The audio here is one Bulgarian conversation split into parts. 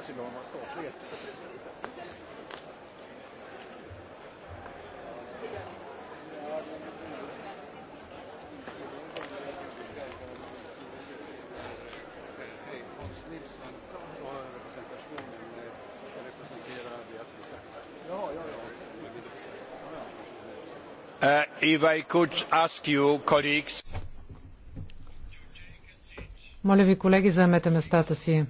annars är det bra om man har ståtlighet. Nilsson var representationen ska representera Beatrice Ask. Ja, ja, ja. If I could ask you, colleagues. Моля ви, колеги, заемете местата си.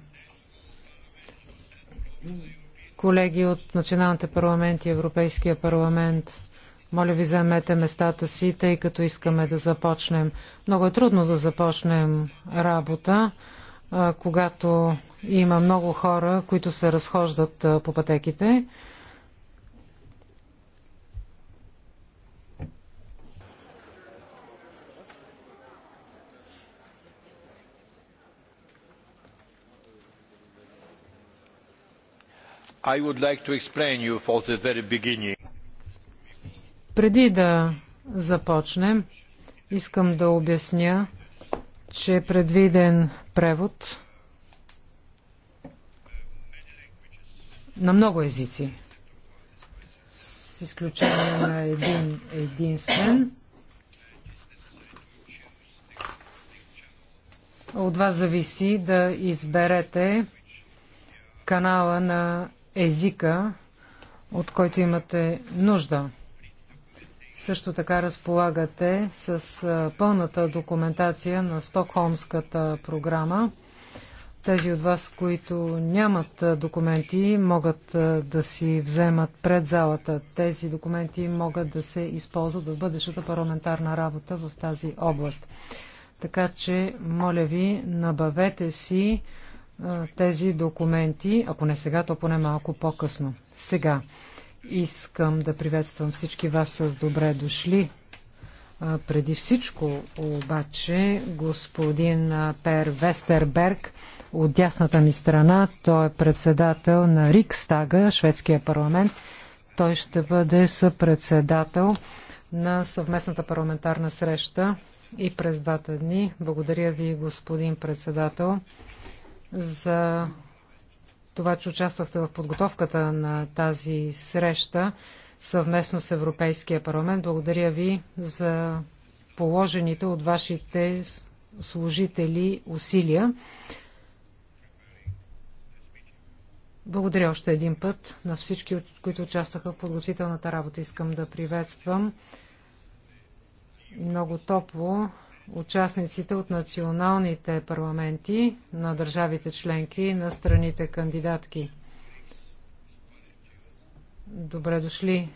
Колеги от националните парламенти и Европейския парламент, моля ви заемете местата си, тъй като искаме да започнем. Много е трудно да започнем работа, когато има много хора, които се разхождат по пътеките. I would like to explain you for the very beginning. Преди да започнем, искам да обясня, че е предвиден превод на много езици, с изключение на един единствен. От вас зависи да изберете канала на езика, от който имате нужда. Също така разполагате с пълната документация на Стокхолмската програма. Тези от вас, които нямат документи, могат да си вземат пред залата. Тези документи могат да се използват в бъдещата парламентарна работа в тази област. Така че, моля ви, набавете си тези документи, ако не сега, то поне малко по-късно. Сега искам да приветствам всички вас с добре дошли. Преди всичко обаче господин Пер Вестерберг от дясната ми страна, той е председател на Рикстага, шведския парламент. Той ще бъде съпредседател на съвместната парламентарна среща и през двата дни. Благодаря ви, господин председател за това, че участвахте в подготовката на тази среща съвместно с Европейския парламент. Благодаря ви за положените от вашите служители усилия. Благодаря още един път на всички, които участваха в подготвителната работа. Искам да приветствам много топло участниците от националните парламенти на държавите членки и на страните кандидатки. Добре дошли,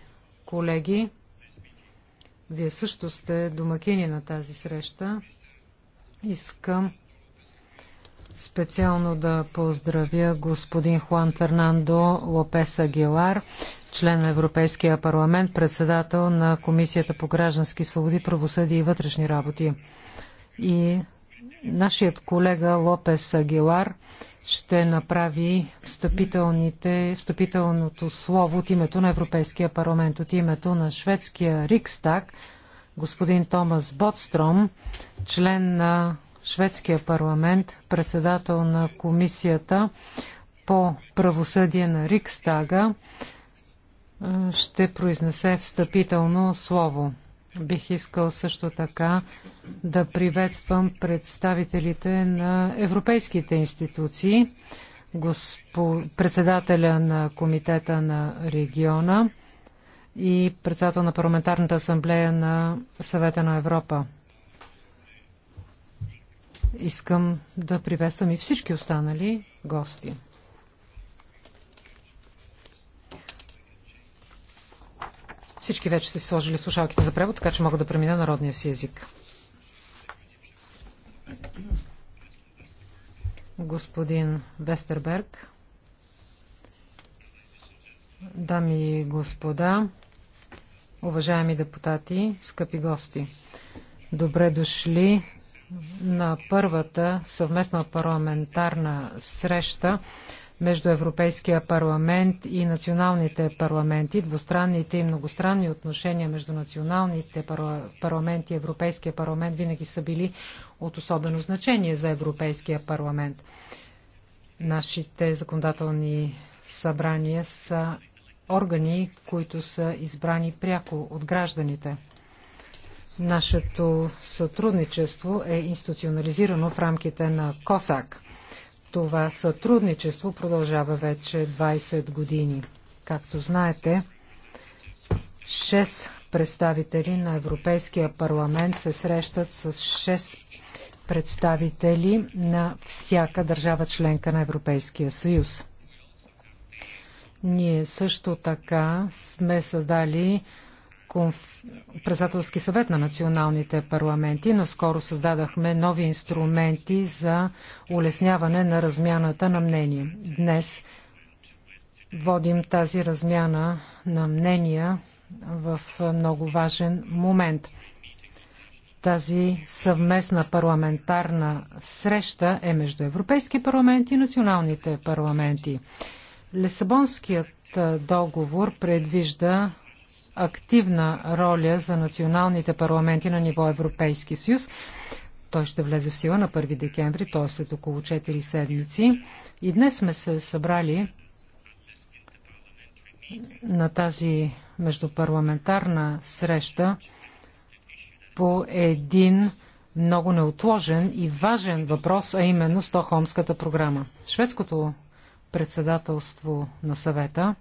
колеги. Вие също сте домакини на тази среща. Искам специално да поздравя господин Хуан Фернандо Лопес Агилар, член на Европейския парламент, председател на Комисията по граждански свободи, правосъдие и вътрешни работи. И нашият колега Лопес Агилар ще направи встъпителното слово от името на Европейския парламент, от името на шведския Рикстаг, господин Томас Бодстром, член на шведския парламент, председател на комисията по правосъдие на Рикстага, е, ще произнесе встъпително слово. Бих искал също така да приветствам представителите на европейските институции, госпо... председателя на Комитета на региона и председател на Парламентарната асамблея на Съвета на Европа. Искам да приветствам и всички останали гости. Всички вече сте сложили слушалките за превод, така че мога да премина народния си език. Господин Вестерберг, дами и господа, уважаеми депутати, скъпи гости, добре дошли на първата съвместна парламентарна среща между Европейския парламент и националните парламенти, двустранните и многостранни отношения между националните парламенти и Европейския парламент винаги са били от особено значение за Европейския парламент. Нашите законодателни събрания са органи, които са избрани пряко от гражданите. Нашето сътрудничество е институционализирано в рамките на КОСАК. Това сътрудничество продължава вече 20 години. Както знаете, 6 представители на Европейския парламент се срещат с 6 представители на всяка държава членка на Европейския съюз. Ние също така сме създали конф... председателски съвет на националните парламенти. Наскоро създадахме нови инструменти за улесняване на размяната на мнение. Днес водим тази размяна на мнения в много важен момент. Тази съвместна парламентарна среща е между Европейски парламент и националните парламенти. Лисабонският договор предвижда активна роля за националните парламенти на ниво Европейски съюз. Той ще влезе в сила на 1 декември, т.е. след около 4 седмици. И днес сме се събрали на тази междупарламентарна среща по един много неотложен и важен въпрос, а именно Стохомската програма. Шведското председателство на съвета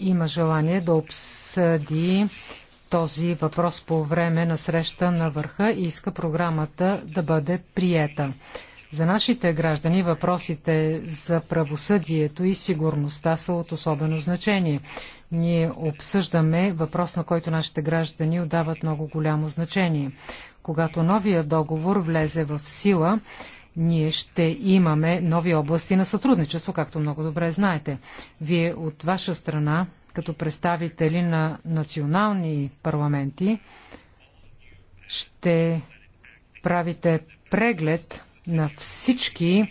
има желание да обсъди този въпрос по време на среща на върха и иска програмата да бъде приета. За нашите граждани въпросите за правосъдието и сигурността са от особено значение. Ние обсъждаме въпрос, на който нашите граждани отдават много голямо значение. Когато новия договор влезе в сила, ние ще имаме нови области на сътрудничество, както много добре знаете. Вие от ваша страна, като представители на национални парламенти, ще правите преглед на всички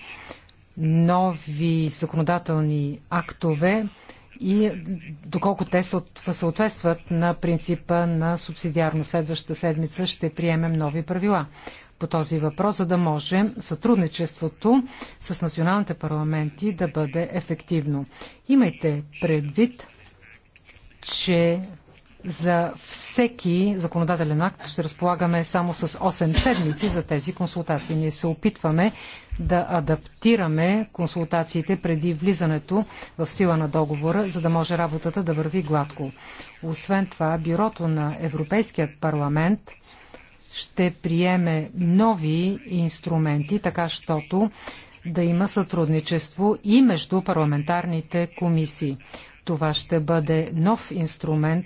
нови законодателни актове и доколко те съответстват на принципа на субсидиарно. Следващата седмица ще приемем нови правила по този въпрос, за да може сътрудничеството с националните парламенти да бъде ефективно. Имайте предвид, че за всеки законодателен акт ще разполагаме само с 8 седмици за тези консултации. Ние се опитваме да адаптираме консултациите преди влизането в сила на договора, за да може работата да върви гладко. Освен това, бюрото на Европейският парламент ще приеме нови инструменти, така щото да има сътрудничество и между парламентарните комисии. Това ще бъде нов инструмент,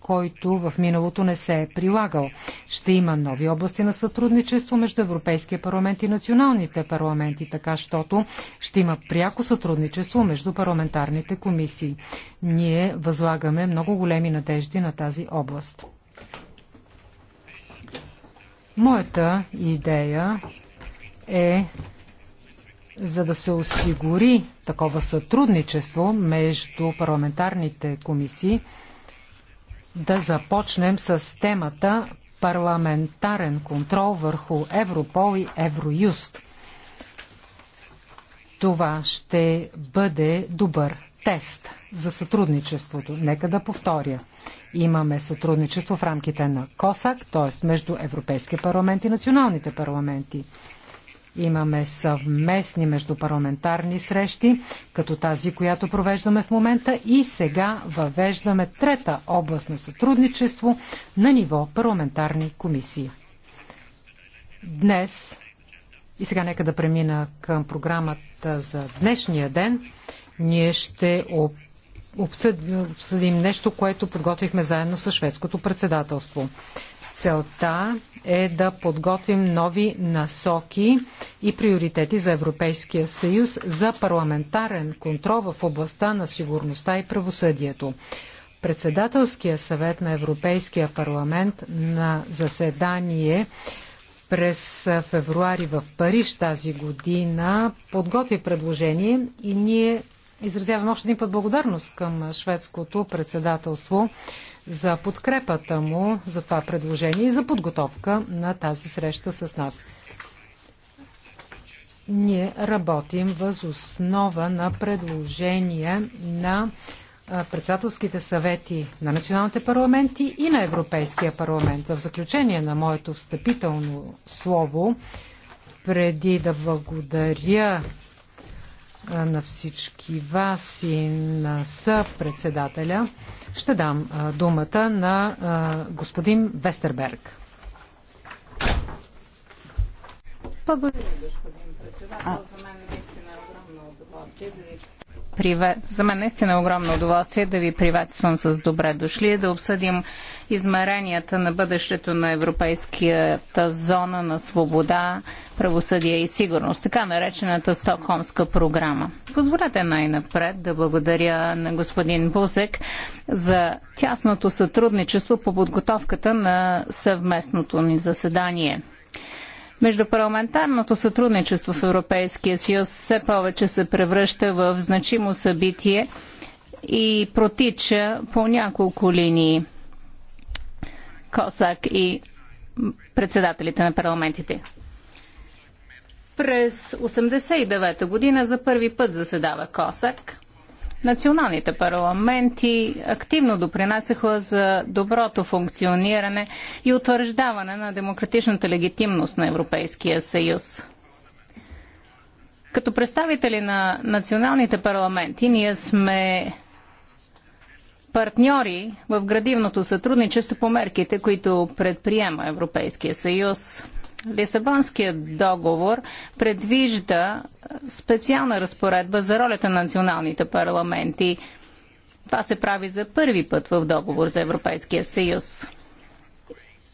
който в миналото не се е прилагал. Ще има нови области на сътрудничество между Европейския парламент и националните парламенти, така щото ще има пряко сътрудничество между парламентарните комисии. Ние възлагаме много големи надежди на тази област. Моята идея е за да се осигури такова сътрудничество между парламентарните комисии, да започнем с темата парламентарен контрол върху Европол и Евроюст. Това ще бъде добър тест за сътрудничеството. Нека да повторя. Имаме сътрудничество в рамките на КОСАК, т.е. между Европейския парламент и националните парламенти. Имаме съвместни междупарламентарни срещи, като тази, която провеждаме в момента и сега въвеждаме трета област на сътрудничество на ниво парламентарни комисии. Днес и сега нека да премина към програмата за днешния ден ние ще обсъдим нещо, което подготвихме заедно с шведското председателство. Целта е да подготвим нови насоки и приоритети за Европейския съюз за парламентарен контрол в областта на сигурността и правосъдието. Председателския съвет на Европейския парламент на заседание през февруари в Париж тази година подготви предложение и ние Изразявам още един път благодарност към шведското председателство за подкрепата му за това предложение и за подготовка на тази среща с нас. Ние работим въз основа на предложение на председателските съвети на националните парламенти и на Европейския парламент. В заключение на моето встъпително слово, преди да благодаря на всички вас и на съпредседателя, ще дам думата на господин Вестерберг. Благодаря, господин председател. За мен наистина е огромно удоволствие да ви за мен наистина е огромно удоволствие да ви приветствам с добре дошли и да обсъдим измеренията на бъдещето на европейската зона на свобода, правосъдие и сигурност, така наречената Стокхолмска програма. Позволете най-напред да благодаря на господин Бузек за тясното сътрудничество по подготовката на съвместното ни заседание. Междупарламентарното сътрудничество в Европейския съюз все повече се превръща в значимо събитие и протича по няколко линии. Косак и председателите на парламентите. През 1989 година за първи път заседава Косак. Националните парламенти активно допринасяха за доброто функциониране и утвърждаване на демократичната легитимност на Европейския съюз. Като представители на националните парламенти, ние сме партньори в градивното сътрудничество по мерките, които предприема Европейския съюз Лисабонският договор предвижда специална разпоредба за ролята на националните парламенти. Това се прави за първи път в договор за Европейския съюз.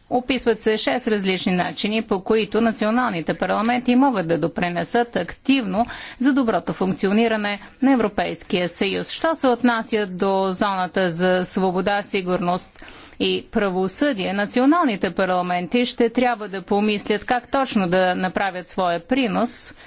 Описват се шест различни начини, по които националните парламенти могат да допренесат активно за доброто функциониране на Европейския съюз. Що се отнася до зоната за свобода, сигурност и правосъдие, националните парламенти ще трябва да помислят как точно да направят своя принос –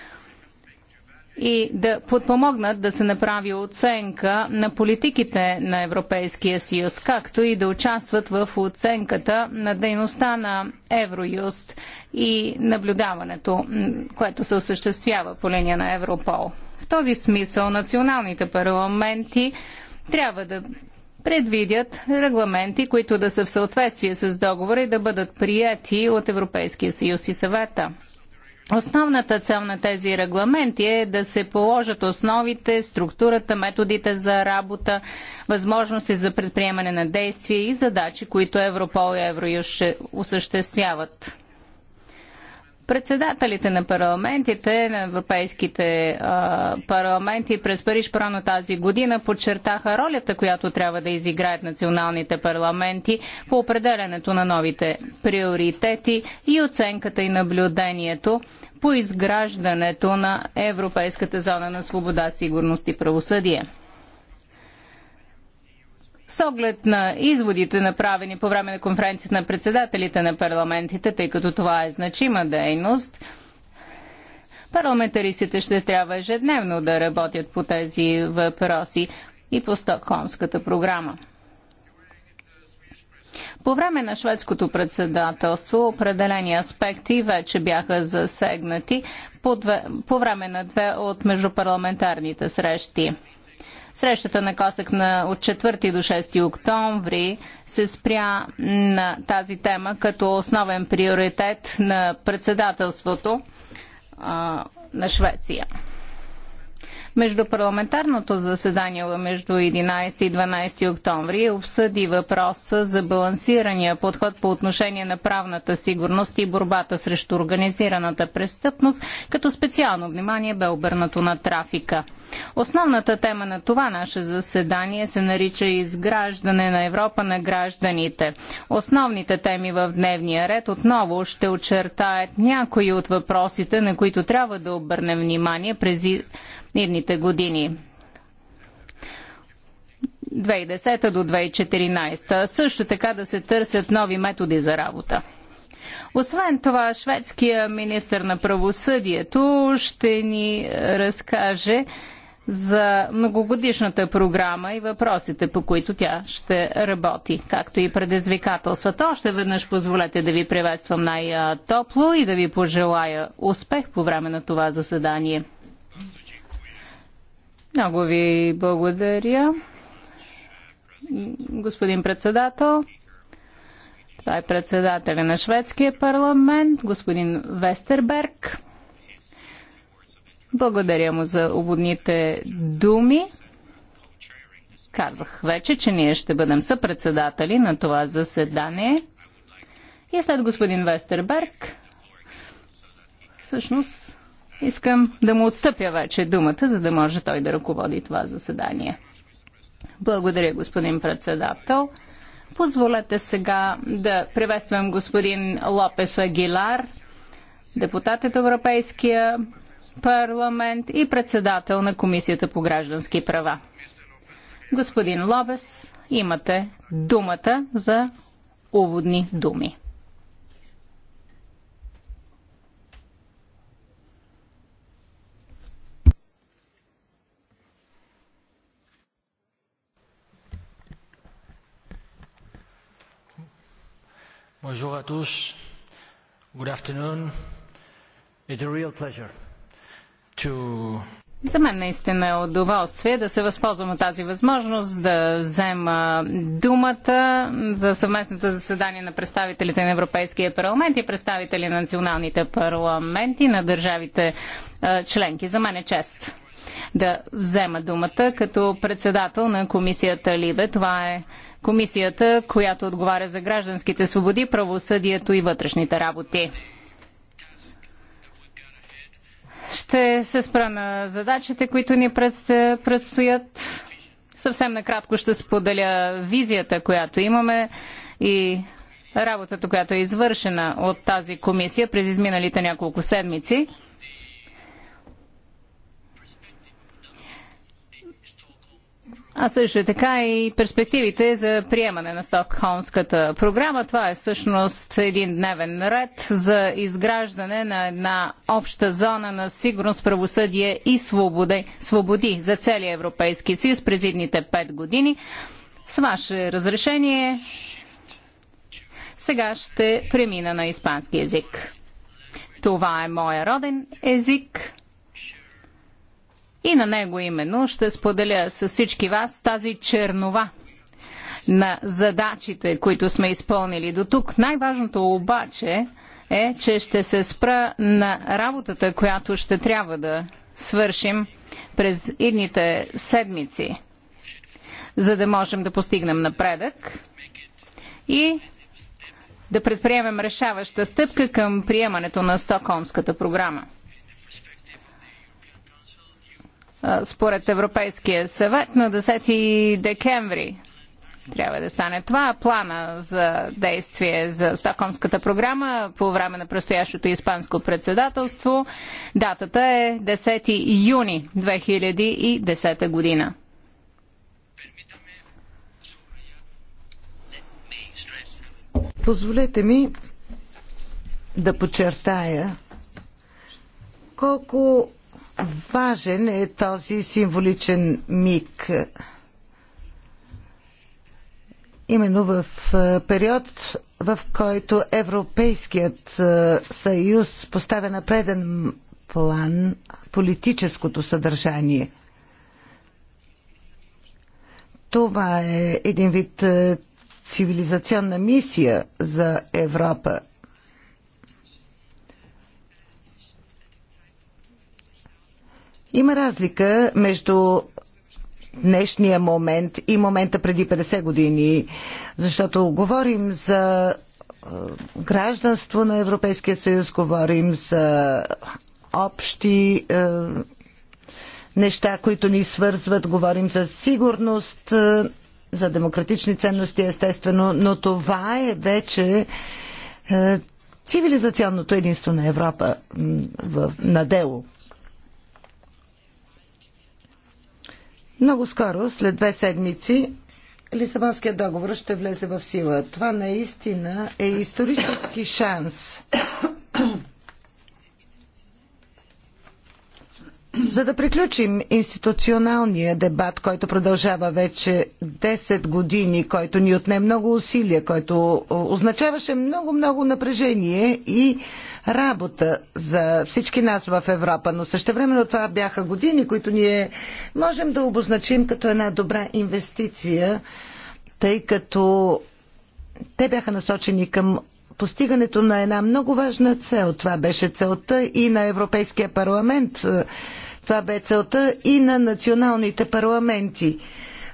и да подпомогнат да се направи оценка на политиките на Европейския съюз, както и да участват в оценката на дейността на Евроюст и наблюдаването, което се осъществява по линия на Европол. В този смисъл националните парламенти трябва да предвидят регламенти, които да са в съответствие с договора и да бъдат прияти от Европейския съюз и съвета. Основната цел на тези регламенти е да се положат основите, структурата, методите за работа, възможности за предприемане на действия и задачи, които Европол и Евроюз ще осъществяват. Председателите на парламентите, на европейските а, парламенти през Париж прано тази година подчертаха ролята, която трябва да изиграят националните парламенти по определенето на новите приоритети и оценката и наблюдението по изграждането на Европейската зона на свобода, сигурност и правосъдие. С оглед на изводите, направени по време на конференцията на председателите на парламентите, тъй като това е значима дейност, парламентаристите ще трябва ежедневно да работят по тези въпроси и по Стокхолмската програма. По време на шведското председателство определени аспекти вече бяха засегнати по, две, по време на две от междупарламентарните срещи. Срещата на Косък на, от 4 до 6 октомври се спря на тази тема като основен приоритет на председателството а, на Швеция. Междупарламентарното заседание между 11 и 12 октомври обсъди въпроса за балансирания подход по отношение на правната сигурност и борбата срещу организираната престъпност, като специално внимание бе обърнато на трафика. Основната тема на това наше заседание се нарича изграждане на Европа на гражданите. Основните теми в дневния ред отново ще очертаят някои от въпросите, на които трябва да обърнем внимание през идните години. 2010 до 2014. Също така да се търсят нови методи за работа. Освен това, шведския министр на правосъдието ще ни разкаже за многогодишната програма и въпросите, по които тя ще работи, както и предизвикателствата. Още веднъж позволете да ви приветствам най-топло и да ви пожелая успех по време на това заседание. Много ви благодаря, господин председател. Това е председателя на шведския парламент, господин Вестерберг. Благодаря му за уводните думи. Казах вече, че ние ще бъдем съпредседатели на това заседание. И след господин Вестерберг, всъщност искам да му отстъпя вече думата, за да може той да ръководи това заседание. Благодаря, господин председател. Позволете сега да приветствам господин Лопес Агилар, депутат от Европейския парламент и председател на Комисията по граждански права. Господин Лобес, имате думата за уводни думи. Bonjour à tous. Good afternoon. It's a real pleasure. За мен наистина е удоволствие да се възползвам от тази възможност да взема думата за съвместното заседание на представителите на Европейския парламент и представители на националните парламенти на държавите е, членки. За мен е чест да взема думата като председател на комисията Либе. Това е комисията, която отговаря за гражданските свободи, правосъдието и вътрешните работи. Ще се спра на задачите, които ни предстоят. Съвсем накратко ще споделя визията, която имаме и работата, която е извършена от тази комисия през изминалите няколко седмици. а също така и перспективите за приемане на Стокхолмската програма. Това е всъщност един дневен ред за изграждане на една обща зона на сигурност, правосъдие и свободи, свободи за целия Европейски съюз през едните пет години. С ваше разрешение сега ще премина на испански язик. Това е моя роден език. И на него именно ще споделя с всички вас тази чернова на задачите, които сме изпълнили до тук. Най-важното обаче е, че ще се спра на работата, която ще трябва да свършим през идните седмици, за да можем да постигнем напредък и да предприемем решаваща стъпка към приемането на Стокхолмската програма според Европейския съвет на 10 декември трябва да стане това. Плана за действие за Стокхолмската програма по време на предстоящото испанско председателство. Датата е 10 юни 2010 година. Позволете ми да подчертая колко важен е този символичен миг. Именно в период, в който Европейският съюз поставя на преден план политическото съдържание. Това е един вид цивилизационна мисия за Европа Има разлика между днешния момент и момента преди 50 години, защото говорим за е, гражданство на Европейския съюз, говорим за общи е, неща, които ни свързват, говорим за сигурност, е, за демократични ценности, естествено, но това е вече е, цивилизационното единство на Европа в, на дело. Много скоро, след две седмици, Лисабонският договор ще влезе в сила. Това наистина е исторически шанс За да приключим институционалния дебат, който продължава вече 10 години, който ни отне много усилия, който означаваше много-много напрежение и работа за всички нас в Европа, но същевременно това бяха години, които ние можем да обозначим като една добра инвестиция, тъй като те бяха насочени към постигането на една много важна цел. Това беше целта и на Европейския парламент това бе целта и на националните парламенти.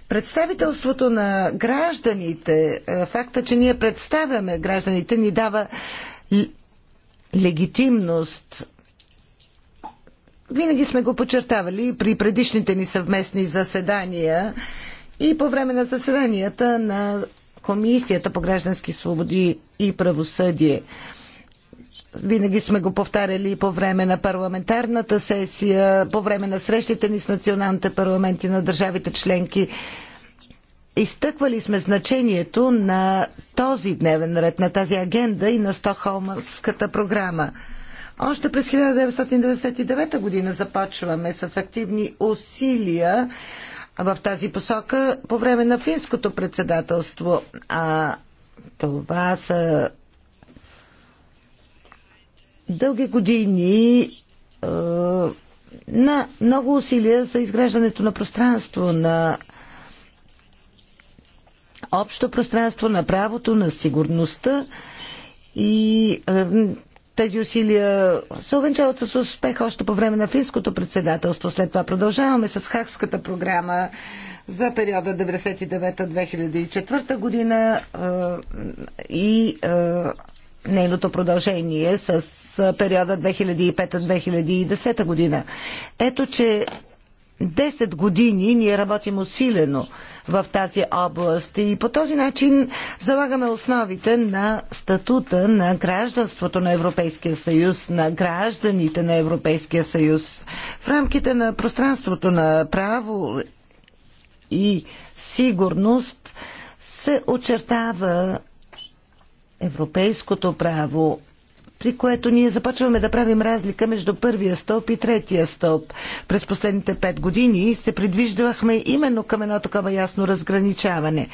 Представителството на гражданите, е, факта, че ние представяме гражданите, ни дава легитимност. Винаги сме го подчертавали при предишните ни съвместни заседания и по време на заседанията на Комисията по граждански свободи и правосъдие. Винаги сме го повтаряли и по време на парламентарната сесия, по време на срещите ни с националните парламенти на държавите членки. Изтъквали сме значението на този дневен ред, на тази агенда и на Стокхолмската програма. Още през 1999 година започваме с активни усилия в тази посока по време на финското председателство. А това са дълги години на много усилия за изграждането на пространство, на общо пространство, на правото, на сигурността и тези усилия се увенчават с успех още по време на финското председателство. След това продължаваме с Хакската програма за периода 99-2004 година и нейното продължение с периода 2005-2010 година. Ето, че 10 години ние работим усилено в тази област и по този начин залагаме основите на статута на гражданството на Европейския съюз, на гражданите на Европейския съюз. В рамките на пространството на право и сигурност се очертава европейското право, при което ние започваме да правим разлика между първия стълб и третия стълб. През последните пет години се предвиждахме именно към едно такова ясно разграничаване.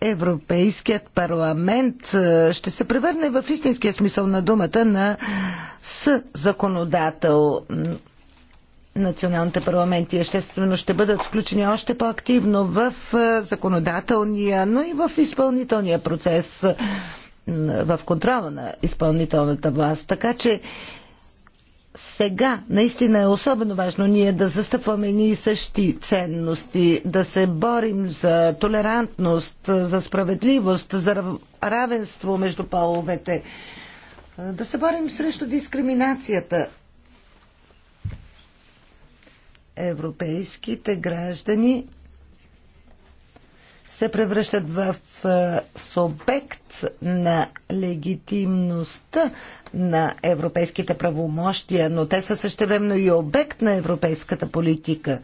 Европейският парламент е, ще се превърне в истинския смисъл на думата на съ законодател националните парламенти естествено ще бъдат включени още по-активно в е, законодателния, но и в изпълнителния процес, е, в контрола на изпълнителната власт. Така че сега наистина е особено важно ние да застъпваме ние същи ценности, да се борим за толерантност, за справедливост, за равенство между половете, е, да се борим срещу дискриминацията европейските граждани се превръщат в субект на легитимността на европейските правомощия, но те са същевременно и обект на европейската политика.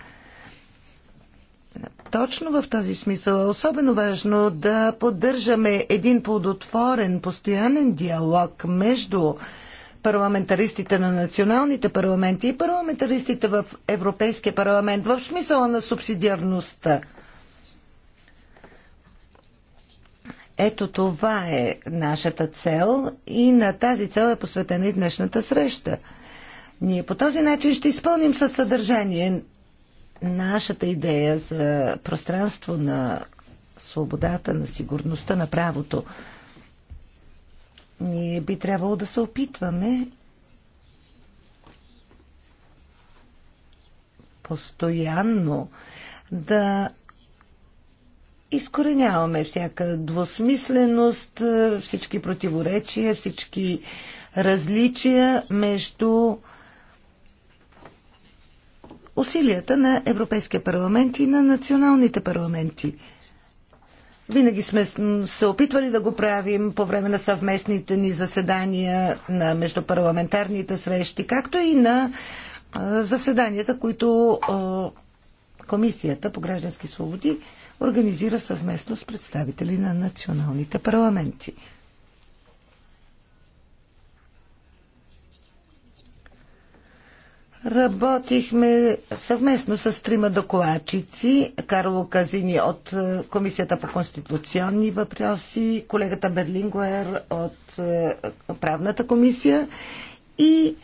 Точно в този смисъл е особено важно да поддържаме един плодотворен, постоянен диалог между парламентаристите на националните парламенти и парламентаристите в Европейския парламент в смисъла на субсидиарността. Ето това е нашата цел и на тази цел е посветена и днешната среща. Ние по този начин ще изпълним със съдържание нашата идея за пространство на свободата, на сигурността, на правото. Ние би трябвало да се опитваме постоянно да изкореняваме всяка двусмисленост, всички противоречия, всички различия между усилията на Европейския парламент и на националните парламенти – винаги сме се опитвали да го правим по време на съвместните ни заседания, на междупарламентарните срещи, както и на заседанията, които Комисията по граждански свободи организира съвместно с представители на националните парламенти. Работихме съвместно с трима докладчици. Карло Казини от е, Комисията по конституционни въпроси, колегата Берлингуер от е, Правната комисия и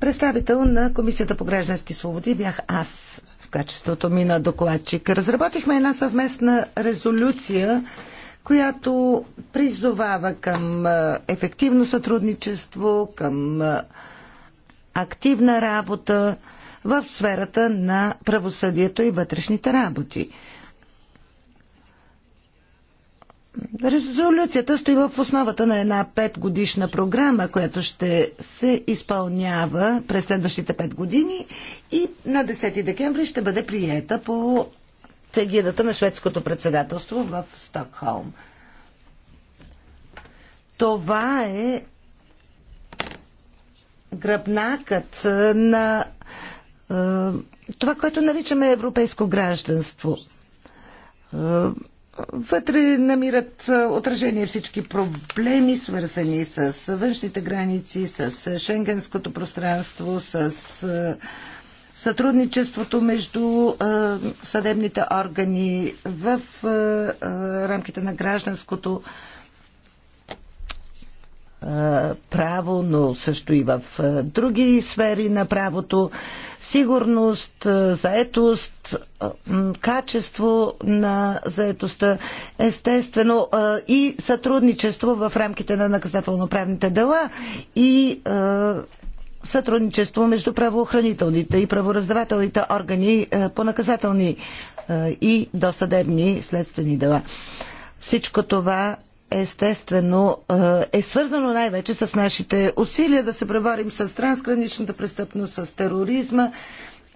представител на Комисията по граждански свободи бях аз в качеството ми на докладчик. Разработихме една съвместна резолюция, която призовава към е, ефективно сътрудничество, към активна работа в сферата на правосъдието и вътрешните работи. Резолюцията стои в основата на една петгодишна програма, която ще се изпълнява през следващите пет години и на 10 декември ще бъде приета по тегидата на шведското председателство в Стокхолм. Това е гръбнакът на това, което наричаме европейско гражданство. Вътре намират отражение всички проблеми, свързани с външните граници, с шенгенското пространство, с сътрудничеството между съдебните органи в рамките на гражданското право, но също и в други сфери на правото. Сигурност, заетост, качество на заетостта, естествено и сътрудничество в рамките на наказателно-правните дела и сътрудничество между правоохранителните и правораздавателните органи по наказателни и досъдебни следствени дела. Всичко това естествено е, е свързано най-вече с нашите усилия да се преборим с трансграничната престъпност, с тероризма.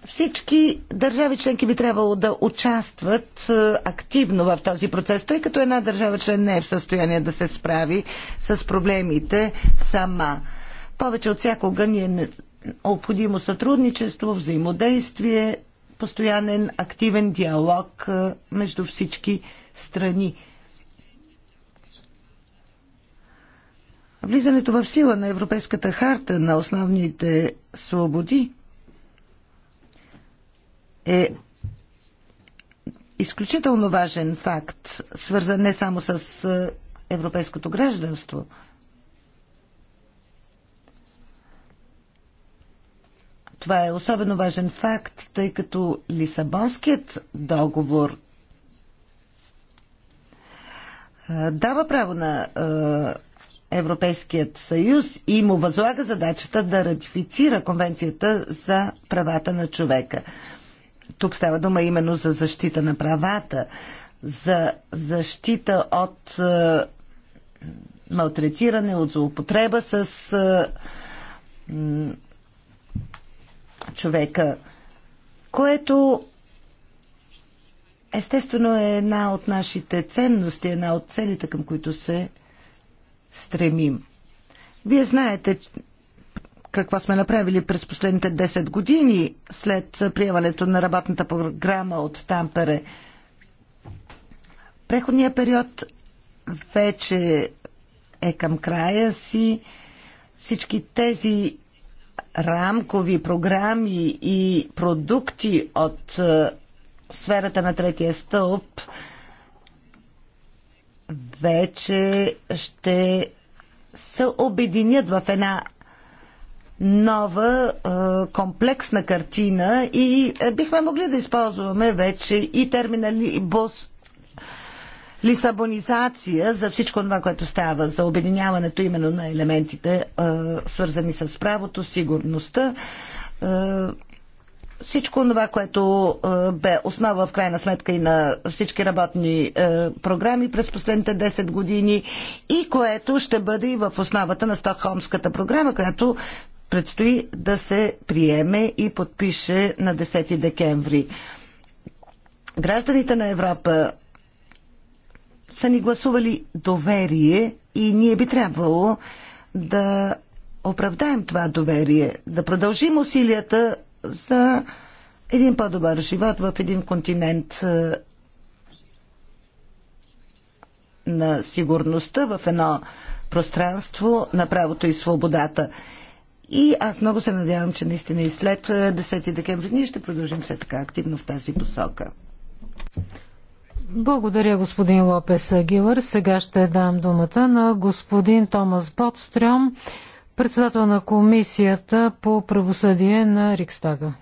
Всички държави членки би трябвало да участват е, активно в този процес, тъй като една държава член не е в състояние да се справи с проблемите сама. Повече от всякога ни е необходимо сътрудничество, взаимодействие, постоянен активен диалог е, между всички страни Влизането в сила на Европейската харта на основните свободи е изключително важен факт, свързан не само с е, европейското гражданство. Това е особено важен факт, тъй като Лисабонският договор е, дава право на е, Европейският съюз и му възлага задачата да ратифицира Конвенцията за правата на човека. Тук става дума именно за защита на правата, за защита от е, малтретиране, от злоупотреба с е, човека, което естествено е една от нашите ценности, една от целите, към които се стремим. Вие знаете какво сме направили през последните 10 години след приемането на работната програма от Тампере. Преходният период вече е към края си. Всички тези рамкови програми и продукти от е, сферата на третия стълб – вече ще се обединят в една нова е, комплексна картина и е, бихме могли да използваме вече и термина бос лисабонизация за всичко това, което става, за обединяването именно на елементите, е, свързани с правото, сигурността, е, всичко това, което е, бе основа в крайна сметка и на всички работни е, програми през последните 10 години и което ще бъде и в основата на Стокхолмската програма, която предстои да се приеме и подпише на 10 декември. Гражданите на Европа са ни гласували доверие и ние би трябвало да оправдаем това доверие, да продължим усилията за един по-добър живот в един континент е, на сигурността, в едно пространство на правото и свободата. И аз много се надявам, че наистина и след 10 е, декември ние ще продължим все така активно в тази посока. Благодаря, господин Лопес Агилър. Сега ще дам думата на господин Томас Ботстрем председател на комисията по правосъдие на Рикстага.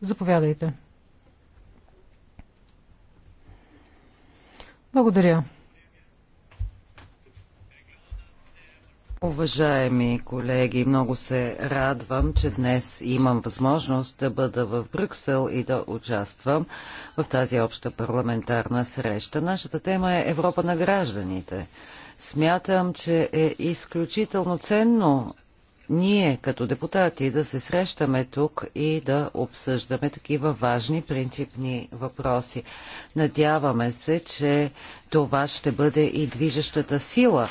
Заповядайте. Благодаря. Уважаеми колеги, много се радвам, че днес имам възможност да бъда в Брюксел и да участвам в тази обща парламентарна среща. Нашата тема е Европа на гражданите. Смятам, че е изключително ценно ние като депутати да се срещаме тук и да обсъждаме такива важни принципни въпроси. Надяваме се, че това ще бъде и движещата сила,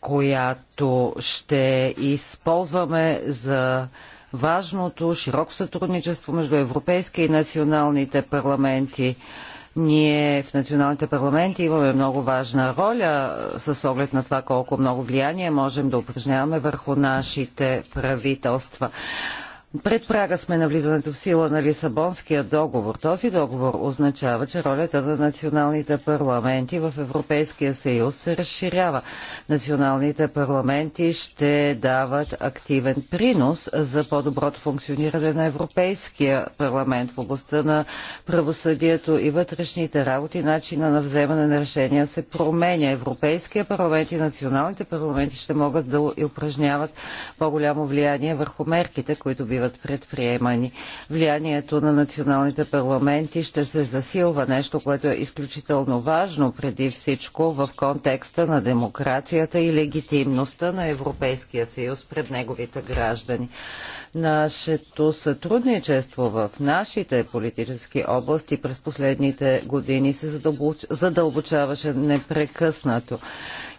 която ще използваме за важното широко сътрудничество между европейски и националните парламенти. Ние в националните парламенти имаме много важна роля с оглед на това колко много влияние можем да упражняваме върху нашите правителства. Пред прага сме на влизането в сила на Лисабонския договор. Този договор означава, че ролята на националните парламенти в Европейския съюз се разширява. Националните парламенти ще дават активен принос за по-доброто функциониране на Европейския парламент в областта на правосъдието и вътрешните работи. Начина на вземане на решения се променя. Европейския парламент и националните парламенти ще могат да упражняват по-голямо влияние върху мерките, които би биват предприемани. Влиянието на националните парламенти ще се засилва нещо, което е изключително важно преди всичко в контекста на демокрацията и легитимността на Европейския съюз пред неговите граждани. Нашето сътрудничество в нашите политически области през последните години се задълбочаваше непрекъснато.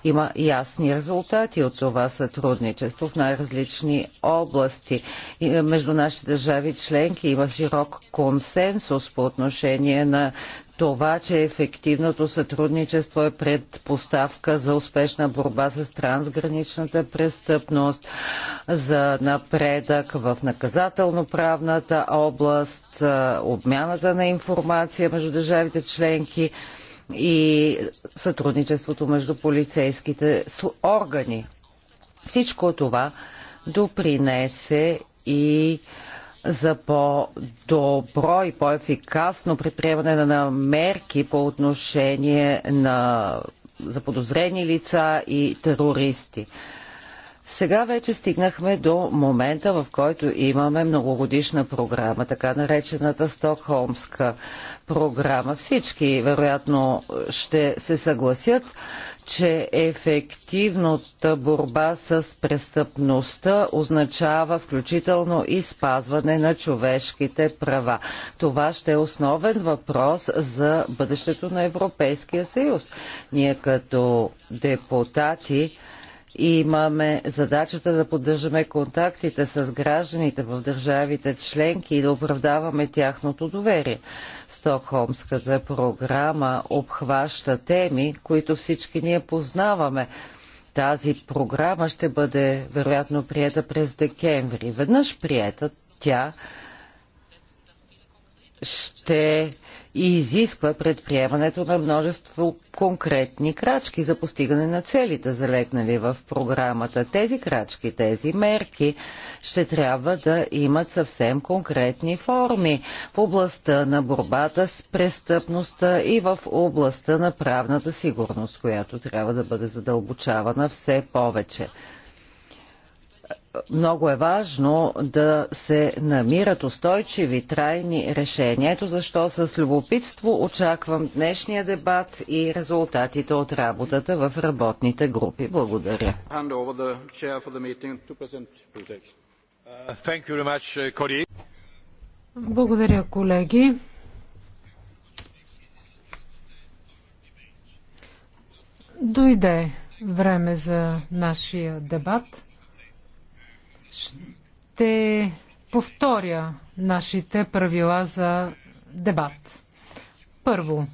Има ясни резултати от това сътрудничество в най-различни области. И е, между нашите държави членки има широк консенсус по отношение на това, че ефективното сътрудничество е предпоставка за успешна борба с трансграничната престъпност, за напредък в наказателно-правната област, е, обмяната на информация между държавите членки и сътрудничеството между полицейските органи. Всичко това допринесе и за по-добро и по-ефикасно предприемане на мерки по отношение на заподозрени лица и терористи. Сега вече стигнахме до момента, в който имаме многогодишна програма, така наречената Стокхолмска програма. Всички, вероятно, ще се съгласят, че ефективната борба с престъпността означава включително и спазване на човешките права. Това ще е основен въпрос за бъдещето на Европейския съюз. Ние като депутати Имаме задачата да поддържаме контактите с гражданите в държавите членки и да оправдаваме тяхното доверие. Стокхолмската програма обхваща теми, които всички ние познаваме тази програма ще бъде вероятно приета през декември. Веднъж приета, тя ще и изисква предприемането на множество конкретни крачки за постигане на целите, залегнали в програмата. Тези крачки, тези мерки ще трябва да имат съвсем конкретни форми в областта на борбата с престъпността и в областта на правната сигурност, която трябва да бъде задълбочавана все повече много е важно да се намират устойчиви, трайни решения. Ето защо с любопитство очаквам днешния дебат и резултатите от работата в работните групи. Благодаря. Uh, Благодаря, колеги. Дойде време за нашия дебат ще повторя нашите правила за дебат. Първо,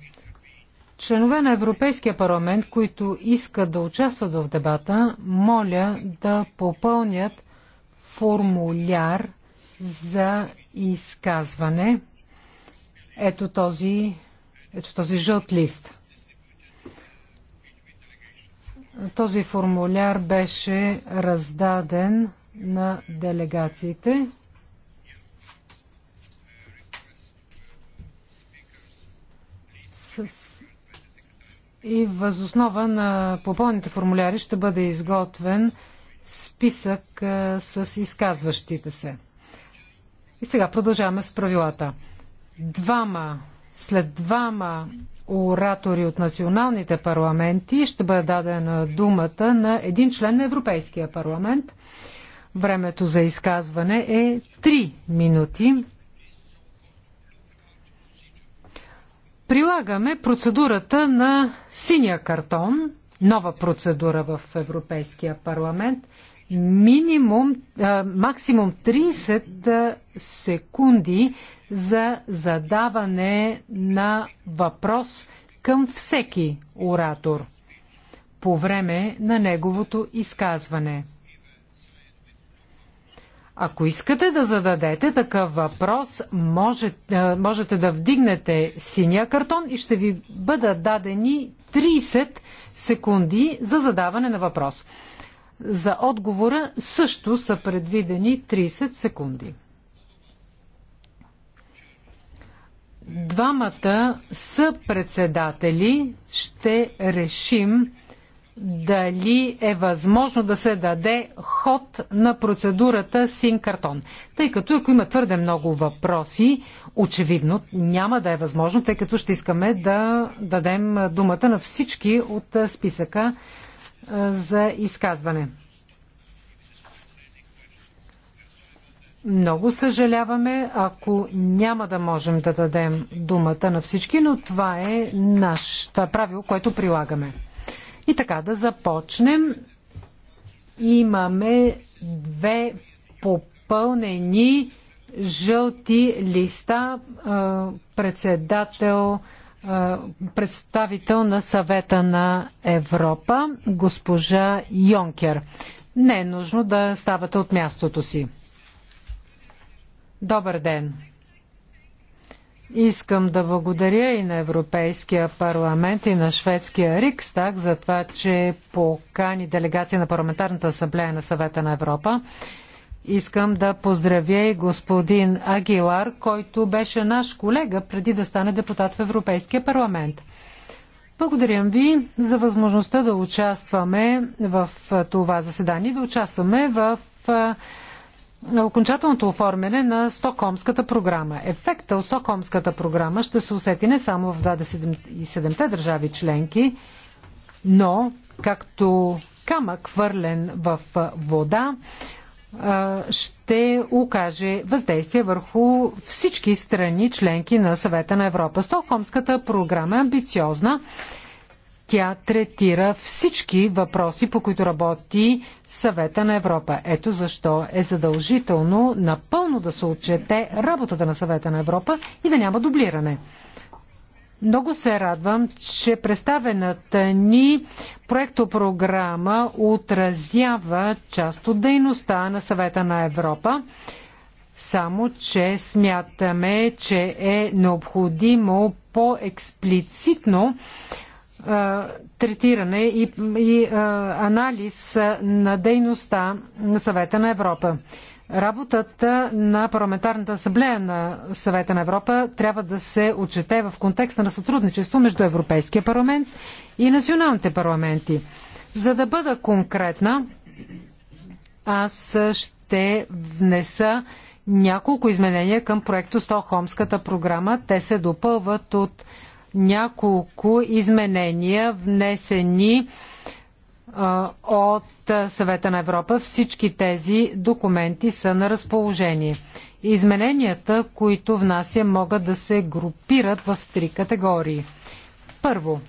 членове на Европейския парламент, които искат да участват в дебата, моля да попълнят формуляр за изказване. Ето този, ето този жълт лист. Този формуляр беше раздаден на делегациите. С... И възоснова на попълните формуляри ще бъде изготвен списък с изказващите се. И сега продължаваме с правилата. Двама, след двама оратори от националните парламенти ще бъде дадена думата на един член на Европейския парламент. Времето за изказване е 3 минути. Прилагаме процедурата на синия картон, нова процедура в Европейския парламент. Минимум, а, максимум 30 секунди за задаване на въпрос към всеки оратор по време на неговото изказване. Ако искате да зададете такъв въпрос, можете, можете да вдигнете синия картон и ще ви бъдат дадени 30 секунди за задаване на въпрос. За отговора също са предвидени 30 секунди. Двамата съпредседатели ще решим дали е възможно да се даде ход на процедурата син картон. Тъй като ако има твърде много въпроси, очевидно няма да е възможно, тъй като ще искаме да дадем думата на всички от списъка за изказване. Много съжаляваме, ако няма да можем да дадем думата на всички, но това е нашата е правило, което прилагаме. И така да започнем. Имаме две попълнени жълти листа. Председател представител на съвета на Европа, госпожа Йонкер. Не е нужно да ставате от мястото си. Добър ден! Искам да благодаря и на Европейския парламент и на шведския Рикстаг за това, че покани делегация на Парламентарната асамблея на съвета на Европа. Искам да поздравя и господин Агилар, който беше наш колега преди да стане депутат в Европейския парламент. Благодарям ви за възможността да участваме в това заседание, да участваме в окончателното оформяне на Стокхолмската програма. Ефекта от Стокхолмската програма ще се усети не само в 27-те държави членки, но както камък, хвърлен в вода, ще окаже въздействие върху всички страни членки на съвета на Европа. Стокхолмската програма е амбициозна. Тя третира всички въпроси, по които работи съвета на Европа. Ето защо е задължително напълно да се отчете работата на съвета на Европа и да няма дублиране. Много се радвам, че представената ни проектопрограма отразява част от дейността на съвета на Европа. Само, че смятаме, че е необходимо по-експлицитно третиране и, и анализ на дейността на съвета на Европа. Работата на парламентарната асамблея на съвета на Европа трябва да се отчете в контекста на сътрудничество между Европейския парламент и националните парламенти. За да бъда конкретна, аз ще внеса няколко изменения към проекто Стохомската програма. Те се допълват от няколко изменения, внесени от Съвета на Европа. Всички тези документи са на разположение. Измененията, които внася, могат да се групират в три категории. Първо,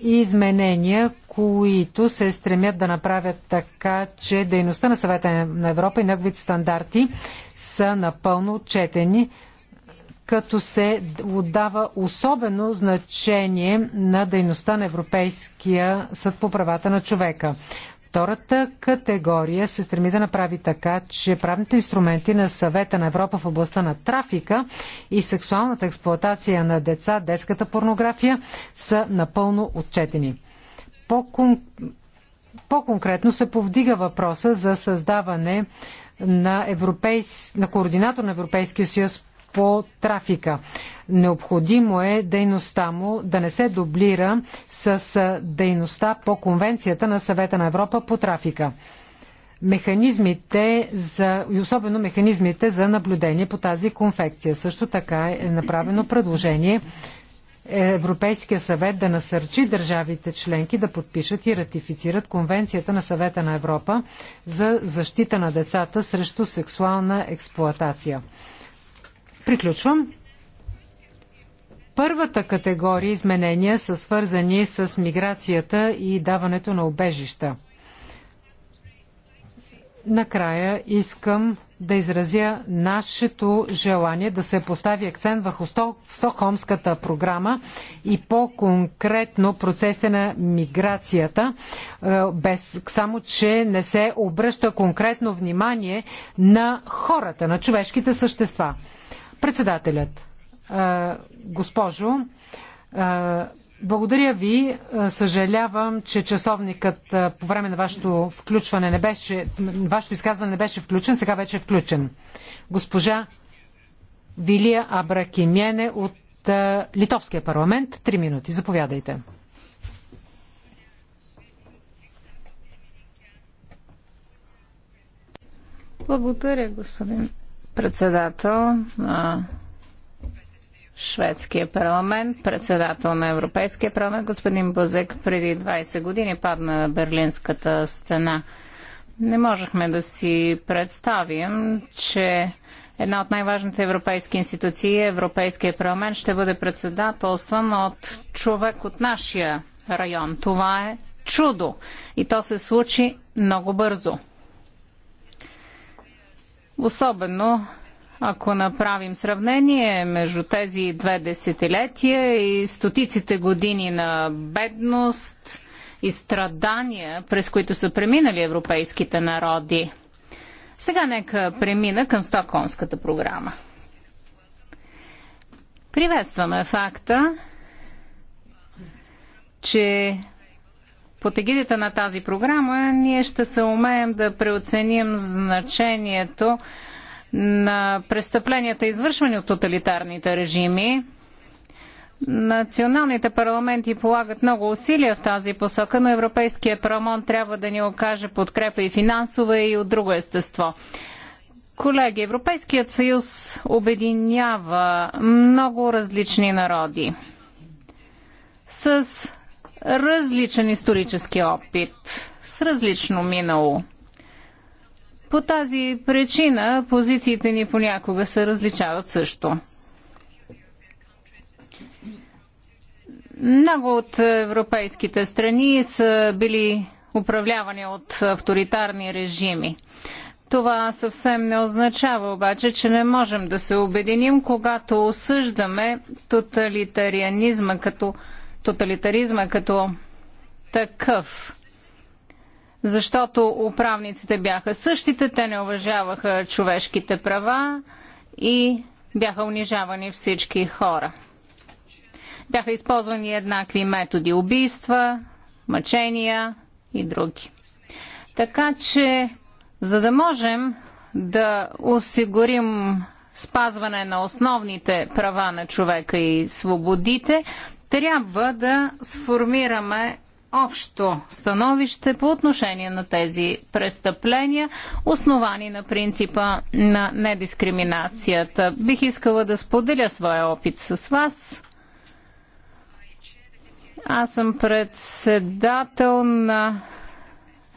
изменения, които се стремят да направят така, че дейността на съвета на Европа и неговите стандарти са напълно отчетени като се отдава особено значение на дейността на Европейския съд по правата на човека. Втората категория се стреми да направи така, че правните инструменти на съвета на Европа в областта на трафика и сексуалната експлоатация на деца, детската порнография са напълно отчетени. По-конкретно -кон... По се повдига въпроса за създаване на, европейс... на координатор на Европейския съюз по трафика. Необходимо е дейността му да не се дублира с дейността по Конвенцията на съвета на Европа по трафика. Механизмите за, и особено механизмите за наблюдение по тази конфекция. Също така е направено предложение Европейския съвет да насърчи държавите членки да подпишат и ратифицират Конвенцията на съвета на Европа за защита на децата срещу сексуална експлоатация. Приключвам. Първата категория изменения са свързани с миграцията и даването на обежища. Накрая искам да изразя нашето желание да се постави акцент върху Стокхолмската програма и по-конкретно процесите на миграцията, е, без, само че не се обръща конкретно внимание на хората, на човешките същества. Председателят. Госпожо, благодаря ви. Съжалявам, че часовникът по време на вашето включване не беше, вашето изказване не беше включен, сега вече е включен. Госпожа Вилия Абракимяне от Литовския парламент. Три минути. Заповядайте. Благодаря, господин председател на шведския парламент, председател на Европейския парламент, господин Бозек, преди 20 години падна Берлинската стена. Не можехме да си представим, че една от най-важните европейски институции, Европейския парламент, ще бъде председателстван от човек от нашия район. Това е чудо. И то се случи много бързо. Особено ако направим сравнение между тези две десетилетия и стотиците години на бедност и страдания, през които са преминали европейските народи. Сега нека премина към Стокхолмската програма. Приветстваме факта, че под егидата на тази програма ние ще се умеем да преоценим значението на престъпленията, извършвани от тоталитарните режими. Националните парламенти полагат много усилия в тази посока, но Европейският парламент трябва да ни окаже подкрепа и финансова, и от друго естество. Колеги, Европейският съюз обединява много различни народи с различен исторически опит, с различно минало. По тази причина позициите ни понякога се различават също. Много от европейските страни са били управлявани от авторитарни режими. Това съвсем не означава обаче, че не можем да се обединим, когато осъждаме тоталитарианизма като тоталитаризма като такъв. Защото управниците бяха същите, те не уважаваха човешките права и бяха унижавани всички хора. Бяха използвани еднакви методи убийства, мъчения и други. Така че, за да можем да осигурим спазване на основните права на човека и свободите, трябва да сформираме общо становище по отношение на тези престъпления, основани на принципа на недискриминацията. Бих искала да споделя своя опит с вас. Аз съм председател на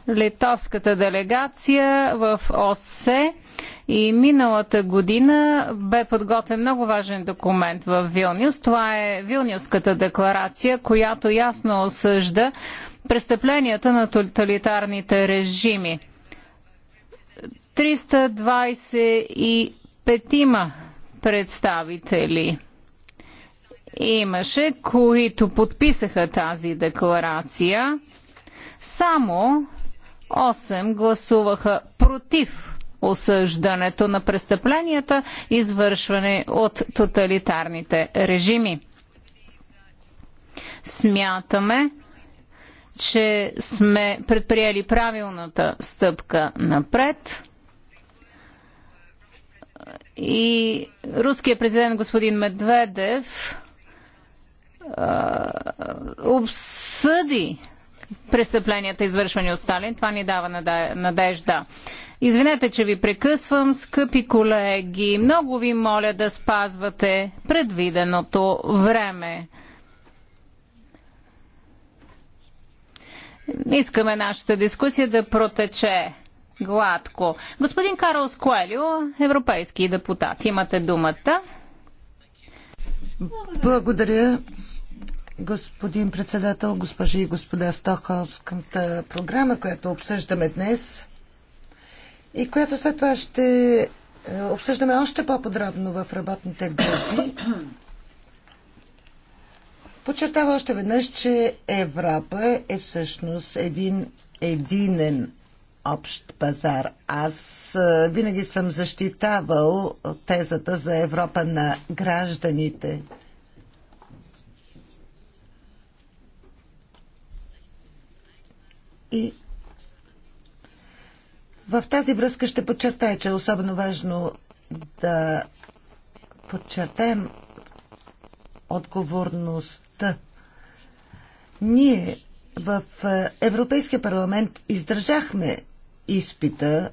литовската делегация в ОССЕ и миналата година бе подготвен много важен документ в Вилнюс. Това е Вилнюската декларация, която ясно осъжда престъпленията на тоталитарните режими. 325 представители имаше, които подписаха тази декларация. Само 8 гласуваха против осъждането на престъпленията, извършване от тоталитарните режими. Смятаме, че сме предприели правилната стъпка напред и руският президент господин Медведев обсъди престъпленията, извършвани от Сталин. Това ни дава надежда. Извинете, че ви прекъсвам, скъпи колеги. Много ви моля да спазвате предвиденото време. Искаме нашата дискусия да протече гладко. Господин Карлос Коелио, европейски депутат, имате думата. Благодаря господин председател, госпожи и господа, Стокхолмската програма, която обсъждаме днес и която след това ще е, обсъждаме още по-подробно в работните групи, подчертава още веднъж, че Европа е всъщност един единен общ пазар. Аз е, винаги съм защитавал тезата за Европа на гражданите – И в тази връзка ще подчертая, че е особено важно да подчертаем отговорността. Ние в е, Европейския парламент издържахме изпита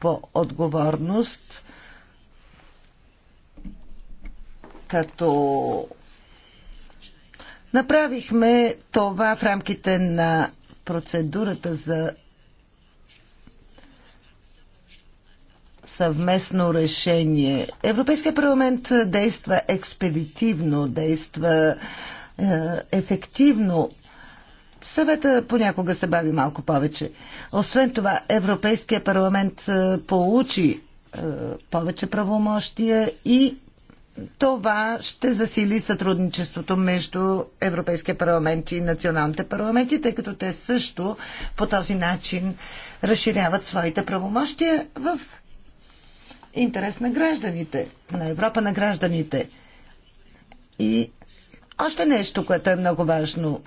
по отговорност, като Направихме това в рамките на процедурата за съвместно решение. Европейския парламент действа експедитивно, действа е, ефективно. Съвета понякога се бави малко повече. Освен това, Европейския парламент е, получи е, повече правомощия и това ще засили сътрудничеството между Европейския парламент и националните парламенти, тъй като те също по този начин разширяват своите правомощия в интерес на гражданите, на Европа на гражданите. И още нещо, което е много важно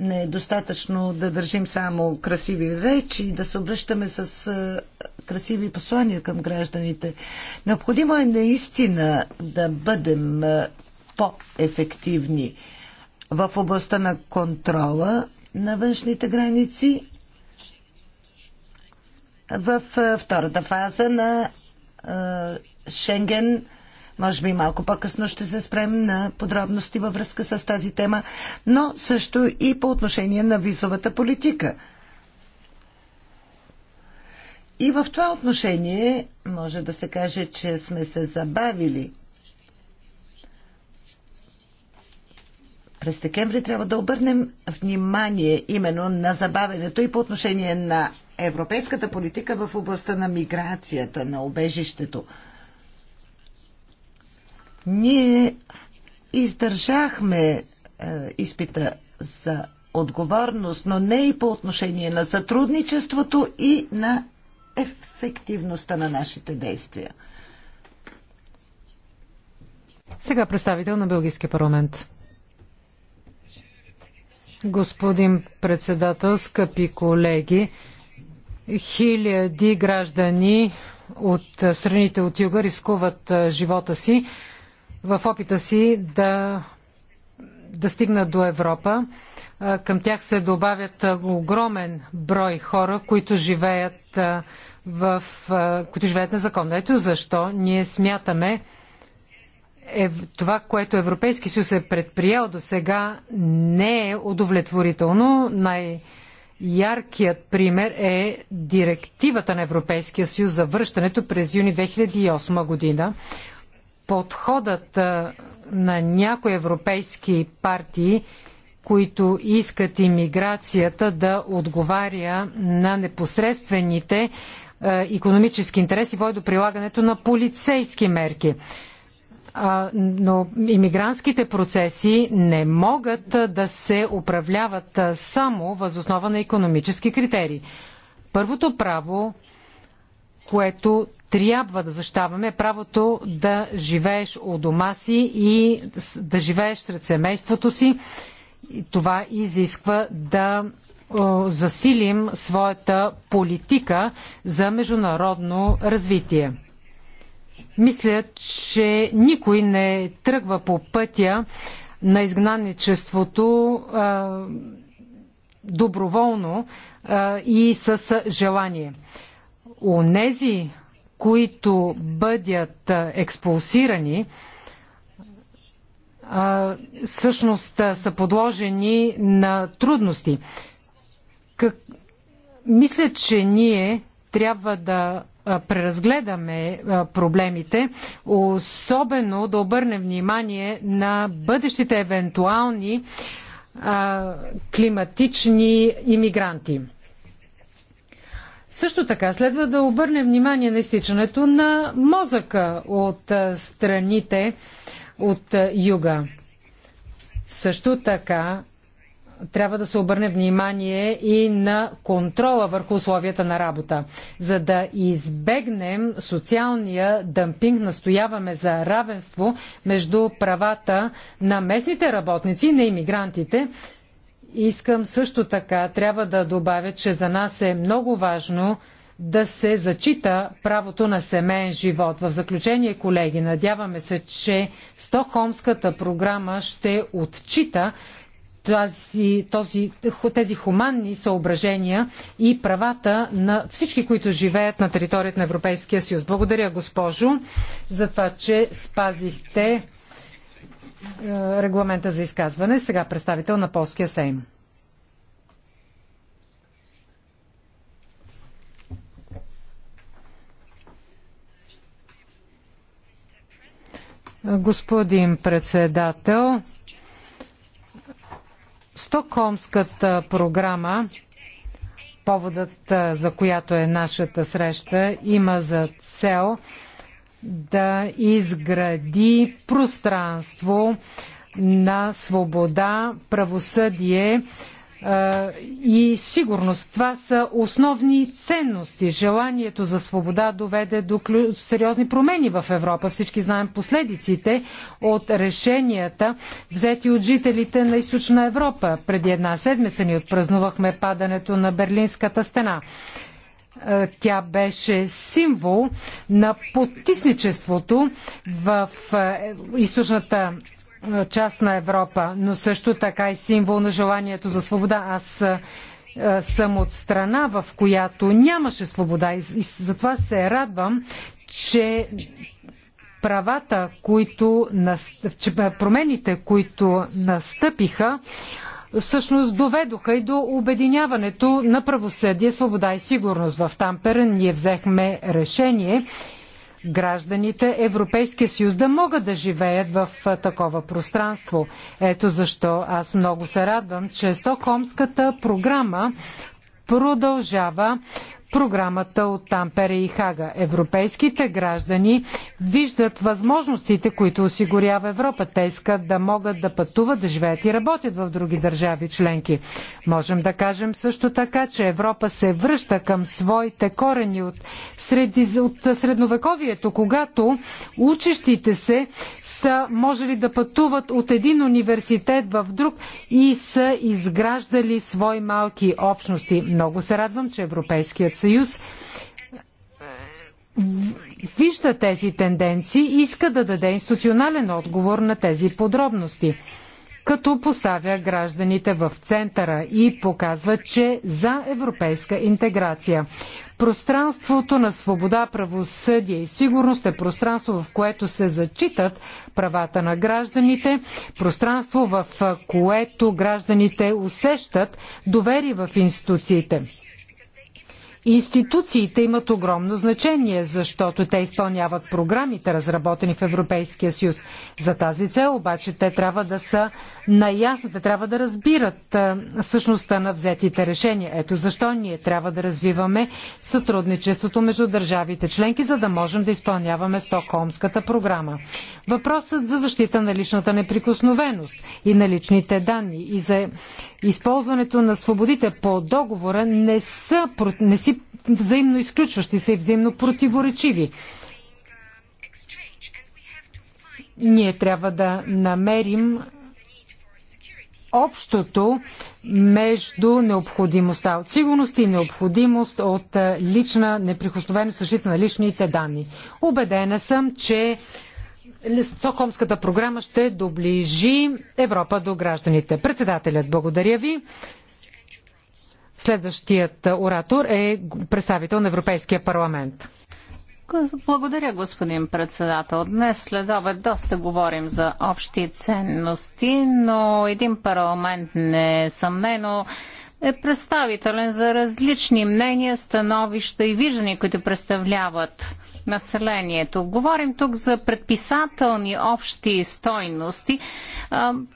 не е достатъчно да държим само красиви речи и да се обръщаме с красиви послания към гражданите. Необходимо е наистина да бъдем по-ефективни в областта на контрола на външните граници в втората фаза на Шенген може би малко по-късно ще се спрем на подробности във връзка с тази тема, но също и по отношение на визовата политика. И в това отношение може да се каже, че сме се забавили. През декември трябва да обърнем внимание именно на забавенето и по отношение на европейската политика в областта на миграцията, на обежището. Ние издържахме е, изпита за отговорност, но не и по отношение на сътрудничеството и на ефективността на нашите действия. Сега представител на Белгийския парламент. Господин председател, скъпи колеги, хиляди граждани от страните от юга рискуват е, живота си в опита си да, да стигнат до Европа. Към тях се добавят огромен брой хора, които живеят, в, които живеят незаконно. Ето защо ние смятаме, е, това, което Европейски съюз е предприел до сега, не е удовлетворително. Най- Яркият пример е директивата на Европейския съюз за връщането през юни 2008 година подходът на някои европейски партии, които искат имиграцията да отговаря на непосредствените економически интереси, води до прилагането на полицейски мерки. Но имигрантските процеси не могат да се управляват само възоснова на економически критерии. Първото право, което трябва да защаваме правото да живееш у дома си и да живееш сред семейството си. И това изисква да засилим своята политика за международно развитие. Мисля, че никой не тръгва по пътя на изгнаничеството доброволно и с желание. Онези, които бъдят експулсирани, всъщност са подложени на трудности. Как... Мисля, че ние трябва да преразгледаме проблемите, особено да обърнем внимание на бъдещите евентуални климатични иммигранти. Също така следва да обърнем внимание на изтичането на мозъка от страните от юга. Също така трябва да се обърне внимание и на контрола върху условията на работа. За да избегнем социалния дъмпинг, настояваме за равенство между правата на местните работници и на иммигрантите, Искам също така, трябва да добавя, че за нас е много важно да се зачита правото на семейен живот. В заключение, колеги, надяваме се, че Стокхолмската програма ще отчита тази, този, тези хуманни съображения и правата на всички, които живеят на територията на Европейския съюз. Благодаря, госпожо, за това, че спазихте е, регламента за изказване. Сега представител на Полския Сейм. Господин председател, Стокхолмската програма, поводът е, за която е нашата среща, има за цел да изгради пространство на свобода, правосъдие и сигурност. Това са основни ценности. Желанието за свобода доведе до сериозни промени в Европа. Всички знаем последиците от решенията, взети от жителите на Източна Европа. Преди една седмица ни отпразнувахме падането на Берлинската стена. Е, тя беше символ на потисничеството в е, източната е, част на Европа, но също така и символ на желанието за свобода. Аз съм от страна, в която нямаше свобода и затова се радвам, че правата, които, че промените, които настъпиха, всъщност доведоха и до обединяването на правосъдие, свобода и сигурност. В Тампере ние взехме решение гражданите Европейския съюз да могат да живеят в такова пространство. Ето защо аз много се радвам, че Стокхомската програма продължава програмата от Тампере и Хага. Европейските граждани виждат възможностите, които осигурява Европа. Те искат да могат да пътуват, да живеят и работят в други държави членки. Можем да кажем също така, че Европа се връща към своите корени от, среди, от средновековието, когато учещите се са можели да пътуват от един университет в друг и са изграждали свои малки общности. Много се радвам, че Европейският съюз е, вижда тези тенденции и иска да даде институционален отговор на тези подробности като поставя гражданите в центъра и показва, че за европейска интеграция. Пространството на свобода, правосъдие и сигурност е пространство, в което се зачитат правата на гражданите, пространство, в което гражданите усещат доверие в институциите. Институциите имат огромно значение, защото те изпълняват програмите, разработени в Европейския съюз. За тази цел обаче те трябва да са наясно, те трябва да разбират същността на взетите решения. Ето защо ние трябва да развиваме сътрудничеството между държавите членки, за да можем да изпълняваме Стокхолмската програма. Въпросът за защита на личната неприкосновеност и на личните данни и за използването на свободите по договора не, са, не си взаимно изключващи се и взаимно противоречиви ние трябва да намерим общото между необходимостта от сигурност и необходимост от лична неприкосновеност защита на личните данни. Обедена съм, че Стокхолмската програма ще доближи Европа до гражданите. Председателят, благодаря ви. Следващият оратор е представител на Европейския парламент. Благодаря, господин председател. Днес след обед доста говорим за общи ценности, но един парламент съмнено е представителен за различни мнения, становища и виждания, които представляват населението. Говорим тук за предписателни общи стойности.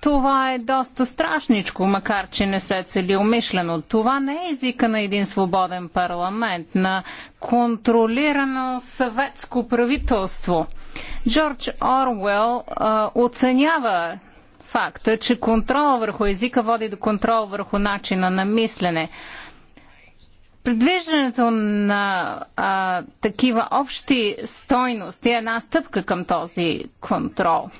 Това е доста страшничко, макар че не се цели умишлено. Това не е езика на един свободен парламент, на контролирано съветско правителство. Джордж Орвел оценява факта, че контрол върху езика води до контрол върху начина на мислене. Предвиждането на а, такива общи стойности е една стъпка към този контрол.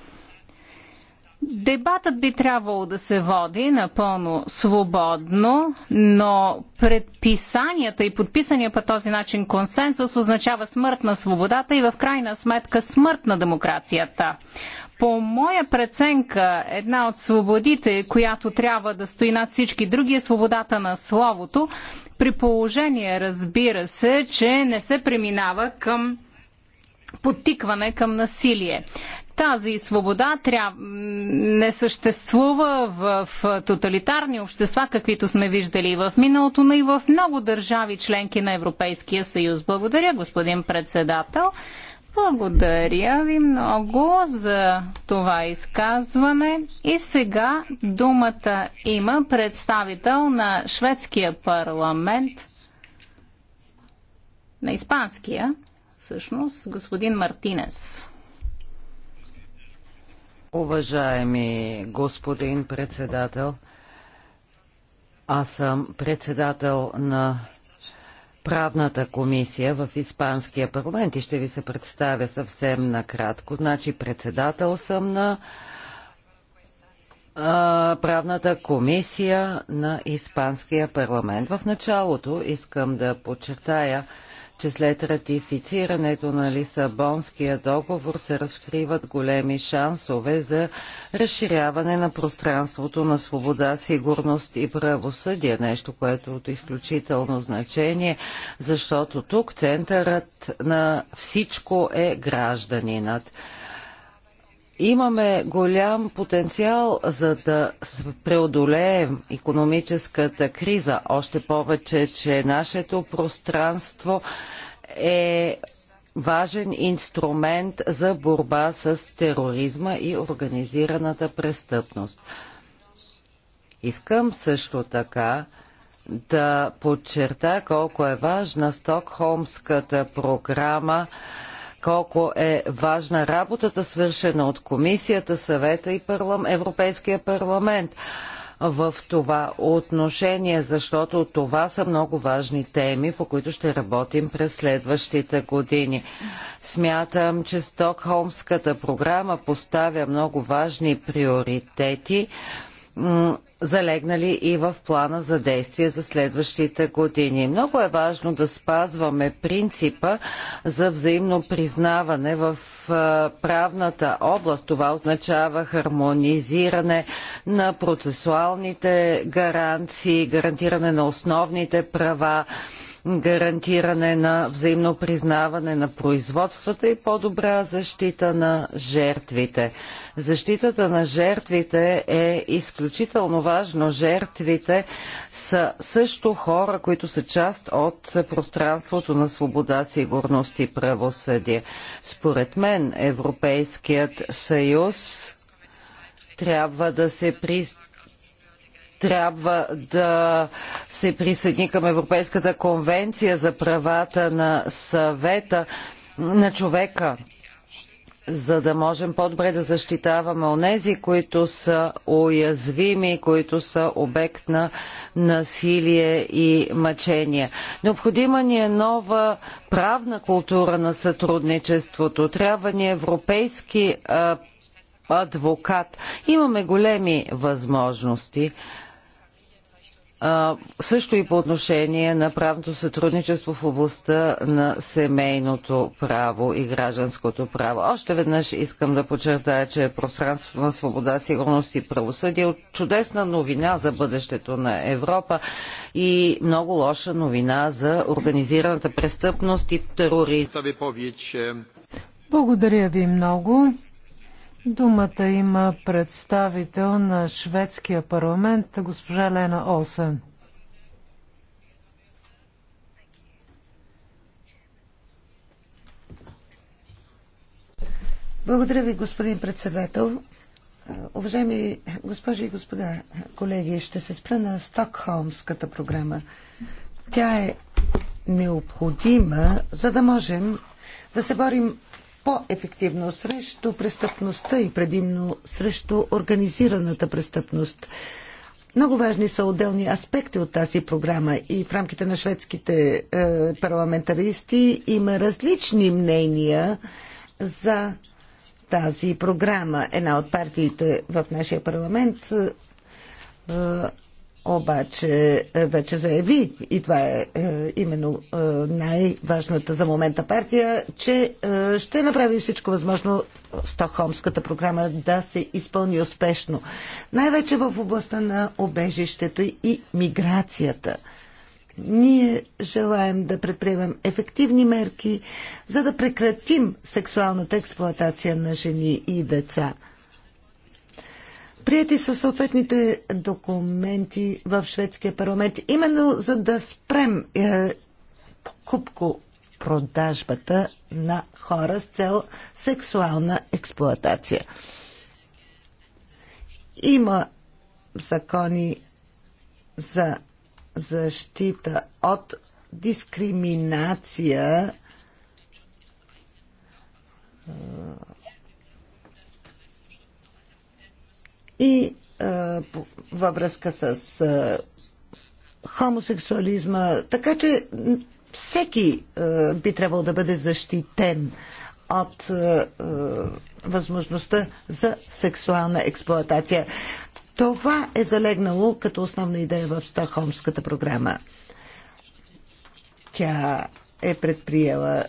Дебатът би трябвало да се води напълно свободно, но предписанията и подписания по този начин консенсус означава смърт на свободата и в крайна сметка смърт на демокрацията. По моя преценка, една от свободите, която трябва да стои над всички други е свободата на словото при положение, разбира се, че не се преминава към подтикване към насилие. Тази свобода трябва, не съществува в тоталитарни общества, каквито сме виждали и в миналото, но и в много държави членки на Европейския съюз. Благодаря, господин председател. Благодаря ви много за това изказване. И сега думата има представител на шведския парламент, на испанския, всъщност, господин Мартинес. Уважаеми господин председател, аз съм председател на правната комисия в Испанския парламент и ще ви се представя съвсем накратко. Значи председател съм на а, правната комисия на Испанския парламент. В началото искам да подчертая, че след ратифицирането на Лисабонския договор се разкриват големи шансове за разширяване на пространството на свобода, сигурност и правосъдие. Нещо, което е от изключително значение, защото тук центърът на всичко е гражданинът. Имаме голям потенциал за да преодолеем економическата криза, още повече, че нашето пространство е важен инструмент за борба с тероризма и организираната престъпност. Искам също така да подчерта колко е важна Стокхолмската програма колко е важна работата, свършена от комисията, съвета и парлам, Европейския парламент в това отношение, защото това са много важни теми, по които ще работим през следващите години. Смятам, че Стокхолмската програма поставя много важни приоритети залегнали и в плана за действие за следващите години. Много е важно да спазваме принципа за взаимно признаване в правната област. Това означава хармонизиране на процесуалните гаранции, гарантиране на основните права гарантиране на взаимно признаване на производствата и по-добра защита на жертвите. Защитата на жертвите е изключително важно. Жертвите са също хора, които са част от пространството на свобода, сигурност и правосъдие. Според мен Европейският съюз трябва да се при трябва да се присъедини към Европейската конвенция за правата на съвета на човека, за да можем по-добре да защитаваме онези, които са уязвими, които са обект на насилие и мъчение. Необходима ни е нова правна култура на сътрудничеството. Трябва ни европейски адвокат. Имаме големи възможности също и по отношение на правното сътрудничество в областта на семейното право и гражданското право. Още веднъж искам да подчертая, че пространството на свобода, сигурност и правосъдие е от чудесна новина за бъдещето на Европа и много лоша новина за организираната престъпност и тероризъм. Благодаря ви много. Думата има представител на шведския парламент, госпожа Лена Олсен. Благодаря ви, господин председател. Уважаеми госпожи и господа, колеги, ще се спра на Стокхолмската програма. Тя е необходима, за да можем да се борим по-ефективно срещу престъпността и предимно срещу организираната престъпност. Много важни са отделни аспекти от тази програма и в рамките на шведските е, парламентаристи има различни мнения за тази програма. Една от партиите в нашия парламент е, обаче е, вече заяви, и това е, е именно е, най-важната за момента партия, че ще направи всичко възможно Стокхолмската програма да се изпълни успешно. Най-вече в областта на обежището и миграцията. Ние желаем да предприемем ефективни мерки, за да прекратим сексуалната експлоатация на жени и деца. Прияти са съответните документи в шведския парламент, именно за да спрем е, покупко продажбата на хора с цел сексуална експлоатация. Има закони за защита от дискриминация и във връзка с хомосексуализма. Така че всеки би трябвало да бъде защитен от възможността за сексуална експлоатация. Това е залегнало като основна идея в Стокхолмската програма. Тя е предприела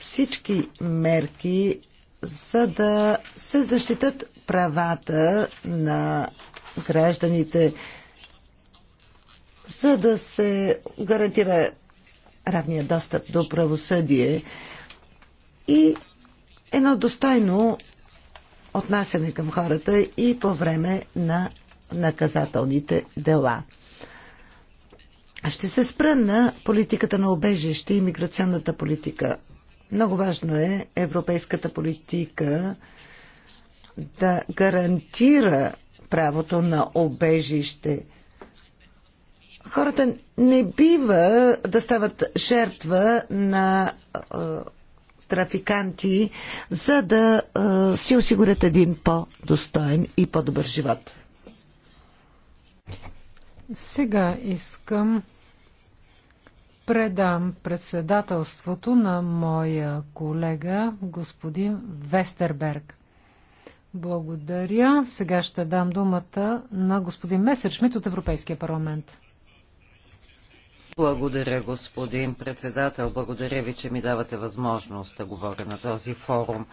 всички мерки, за да се защитат правата на гражданите, за да се гарантира равния достъп до правосъдие и едно достойно отнасяне към хората и по време на наказателните дела. Ще се спра на политиката на обежище и миграционната политика. Много важно е европейската политика да гарантира правото на обежище. Хората не бива да стават жертва на е, трафиканти, за да е, си осигурят един по-достоен и по-добър живот. Сега искам предам председателството на моя колега господин Вестерберг. Благодаря. Сега ще дам думата на господин Месершмит от Европейския парламент. Благодаря, господин председател. Благодаря ви, че ми давате възможност да говоря на този форум.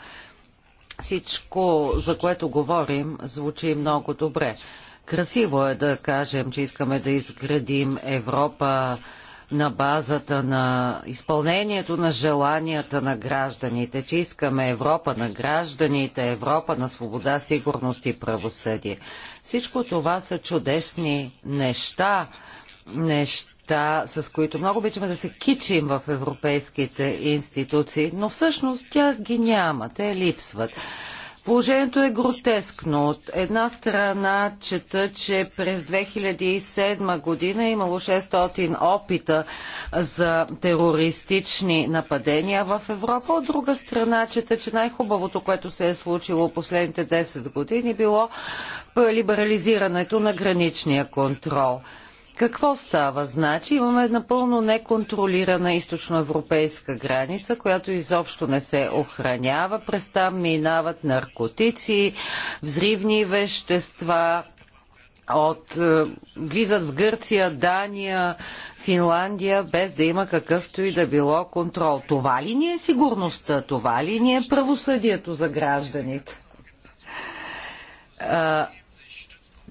Всичко, за което говорим, звучи много добре. Красиво е да кажем, че искаме да изградим Европа на базата на изпълнението на желанията на гражданите, че искаме Европа на гражданите, Европа на свобода, сигурност и правосъдие. Всичко това са чудесни неща, неща, с които много обичаме да се кичим в европейските институции, но всъщност тях ги няма, те липсват. Положението е гротескно. От една страна чета, че през 2007 година е имало 600 опита за терористични нападения в Европа. От друга страна чета, че най-хубавото, което се е случило последните 10 години, било либерализирането на граничния контрол. Какво става? Значи имаме напълно неконтролирана източноевропейска граница, която изобщо не се охранява. През там минават наркотици, взривни вещества, от, е, влизат в Гърция, Дания, Финландия, без да има какъвто и да било контрол. Това ли ни е сигурността? Това ли ни е правосъдието за гражданите? Е,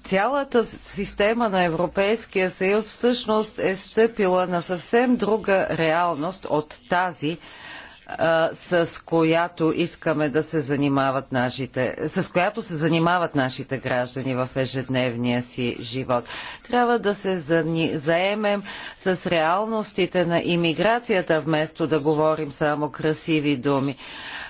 цялата система на Европейския съюз всъщност е стъпила на съвсем друга реалност от тази, с която искаме да се занимават нашите, с която се занимават нашите граждани в ежедневния си живот. Трябва да се заемем с реалностите на имиграцията, вместо да говорим само красиви думи.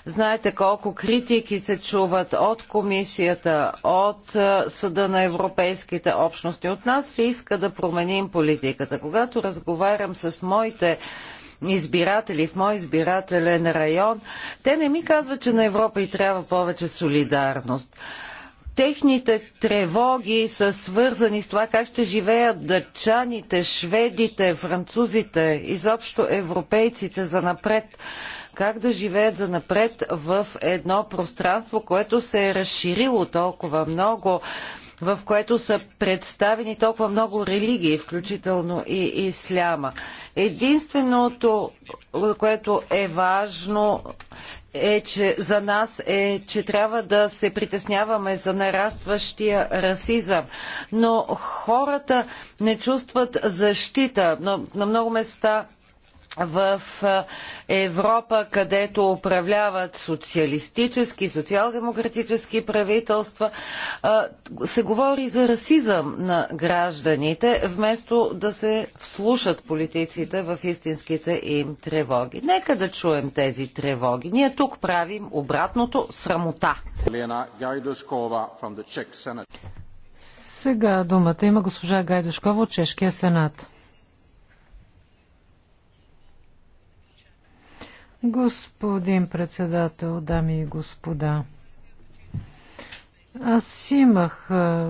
Знаете колко критики се чуват от комисията, от съда на европейските общности. От нас се иска да променим политиката. Когато разговарям с моите избиратели в мой избирателен район, те не ми казват, че на Европа и трябва повече солидарност. Техните тревоги са свързани с това как ще живеят дъчаните, шведите, французите, изобщо европейците за напред как да живеят за напред в едно пространство, което се е разширило толкова много в което са представени толкова много религии, включително и исляма. Единственото, което е важно, е, че за нас е, че трябва да се притесняваме за нарастващия расизъм. Но хората не чувстват защита. На, на много места в Европа, където управляват социалистически, социал-демократически правителства, се говори за расизъм на гражданите, вместо да се вслушат политиците в истинските им тревоги. Нека да чуем тези тревоги. Ние тук правим обратното срамота. Сега думата има госпожа Гайдушкова от Чешкия сенат. Господин председател, дами и господа, аз имах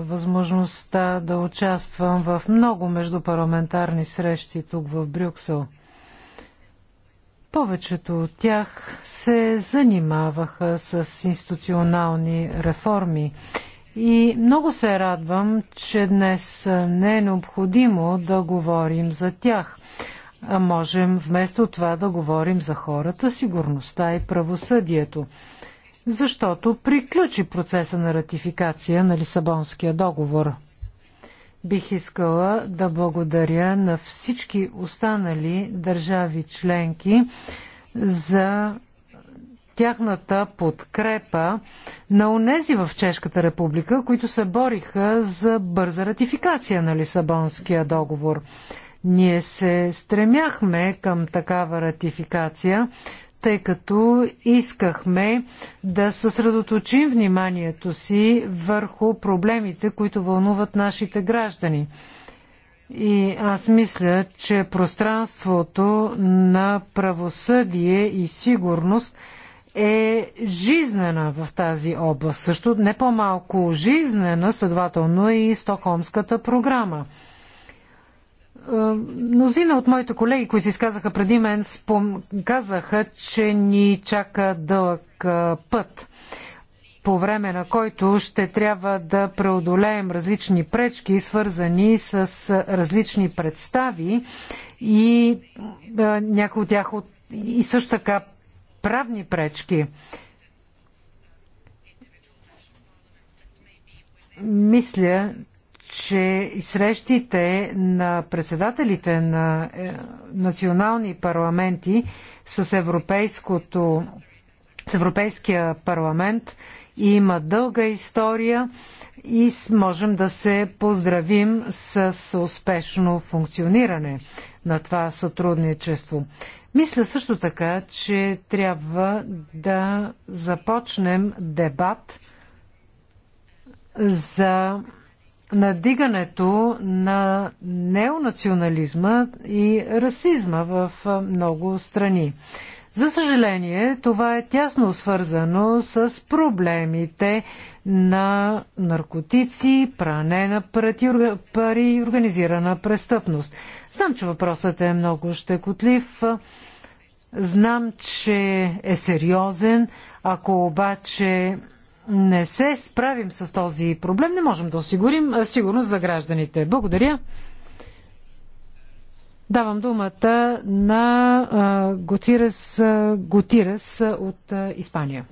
възможността да участвам в много междупарламентарни срещи тук в Брюксел. Повечето от тях се занимаваха с институционални реформи. И много се радвам, че днес не е необходимо да говорим за тях – а можем вместо това да говорим за хората, сигурността и правосъдието. Защото приключи процеса на ратификация на Лисабонския договор. Бих искала да благодаря на всички останали държави членки за тяхната подкрепа на унези в Чешката република, които се бориха за бърза ратификация на Лисабонския договор. Ние се стремяхме към такава ратификация, тъй като искахме да съсредоточим вниманието си върху проблемите, които вълнуват нашите граждани. И аз мисля, че пространството на правосъдие и сигурност е жизнена в тази област. Също не по-малко жизнена, следователно и Стокхолмската програма. Е, мнозина от моите колеги, които се изказаха преди мен, спом... казаха, че ни чака дълъг е, път, по време на който ще трябва да преодолеем различни пречки, свързани с различни представи и е, някои от тях от... и също така правни пречки. Мисля, че срещите на председателите на е, национални парламенти с, европейското, с Европейския парламент има дълга история и можем да се поздравим с успешно функциониране на това сътрудничество. Мисля също така, че трябва да започнем дебат за надигането на неонационализма и расизма в много страни. За съжаление, това е тясно свързано с проблемите на наркотици, пране на пари и организирана престъпност. Знам, че въпросът е много щекотлив. Знам, че е сериозен. Ако обаче не се справим с този проблем, не можем да осигурим сигурност за гражданите. Благодаря. Давам думата на Готирес Готирес от Испания.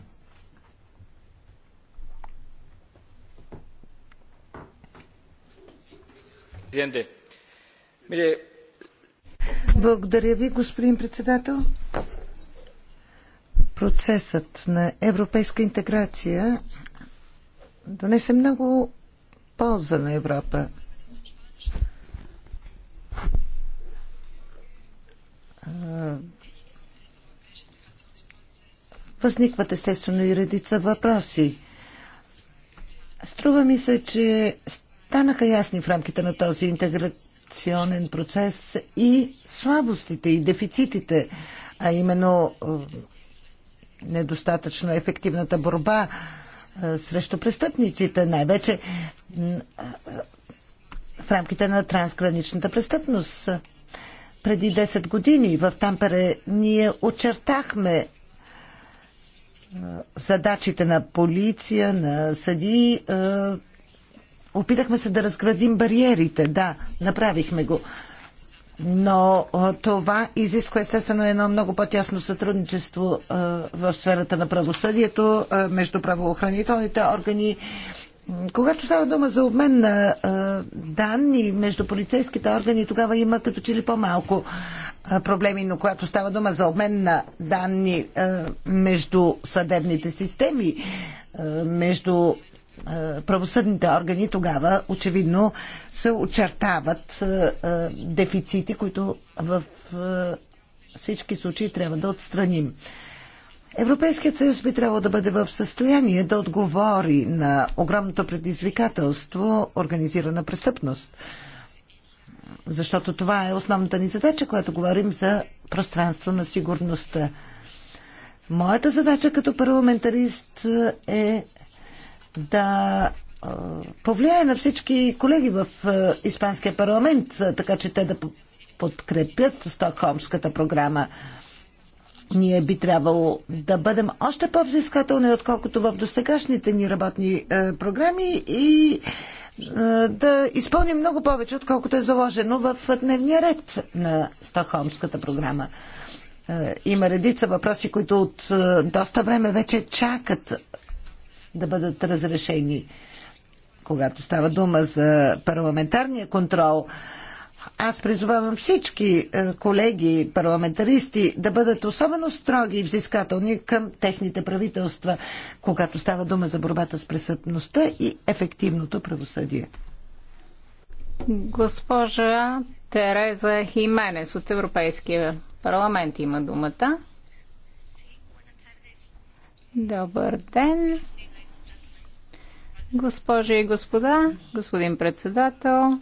Благодаря ви, господин председател процесът на европейска интеграция донесе много полза на Европа. Възникват естествено и редица въпроси. Струва ми се, че станаха ясни в рамките на този интеграционен процес и слабостите и дефицитите, а именно недостатъчно ефективната борба срещу престъпниците, най-вече в рамките на трансграничната престъпност. Преди 10 години в Тампере ние очертахме задачите на полиция, на съдии. Опитахме се да разградим бариерите. Да, направихме го. Но това изисква естествено едно много по-тясно сътрудничество в сферата на правосъдието между правоохранителните органи. Когато става дума за обмен на данни между полицейските органи, тогава има като че ли по-малко проблеми, но когато става дума за обмен на данни между съдебните системи, между е, правосъдните органи тогава очевидно се очертават е, е, дефицити, които в всички случаи трябва да отстраним. Европейският съюз би трябвало да бъде в състояние да отговори на огромното предизвикателство организирана престъпност. Защото това е основната ни задача, когато говорим за пространство на сигурността. Моята задача като парламентарист е да повлияе на всички колеги в Испанския парламент, така че те да подкрепят Стокхолмската програма. Ние би трябвало да бъдем още по-взискателни, отколкото в досегашните ни работни програми и да изпълним много повече, отколкото е заложено в дневния ред на Стокхолмската програма. Има редица въпроси, които от доста време вече чакат да бъдат разрешени. Когато става дума за парламентарния контрол, аз призовавам всички е, колеги, парламентаристи да бъдат особено строги и взискателни към техните правителства, когато става дума за борбата с престъпността и ефективното правосъдие. Госпожа Тереза Хименес от Европейския парламент има думата. Добър ден. Госпожи и господа, господин председател,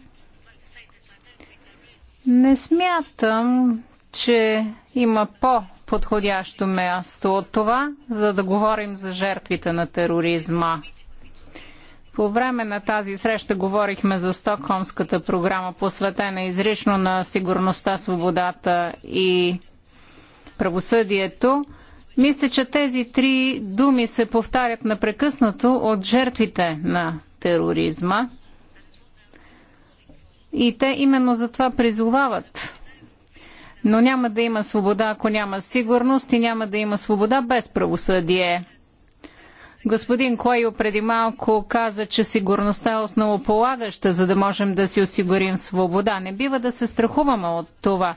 не смятам, че има по-подходящо място от това, за да говорим за жертвите на тероризма. По време на тази среща говорихме за Стокхолмската програма, посветена изрично на сигурността, свободата и правосъдието. Мисля, че тези три думи се повтарят напрекъснато от жертвите на тероризма. И те именно за това призовават. Но няма да има свобода, ако няма сигурност и няма да има свобода без правосъдие. Господин Койо преди малко каза, че сигурността е основополагаща, за да можем да си осигурим свобода. Не бива да се страхуваме от това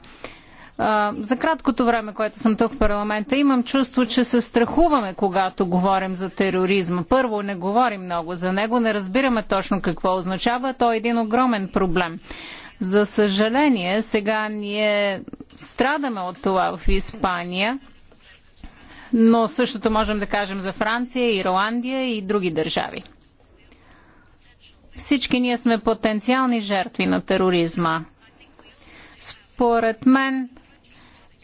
за краткото време, което съм тук в парламента, имам чувство, че се страхуваме, когато говорим за тероризма. Първо, не говорим много за него, не разбираме точно какво означава. Той е един огромен проблем. За съжаление, сега ние страдаме от това в Испания, но същото можем да кажем за Франция, Ирландия и други държави. Всички ние сме потенциални жертви на тероризма. Според мен,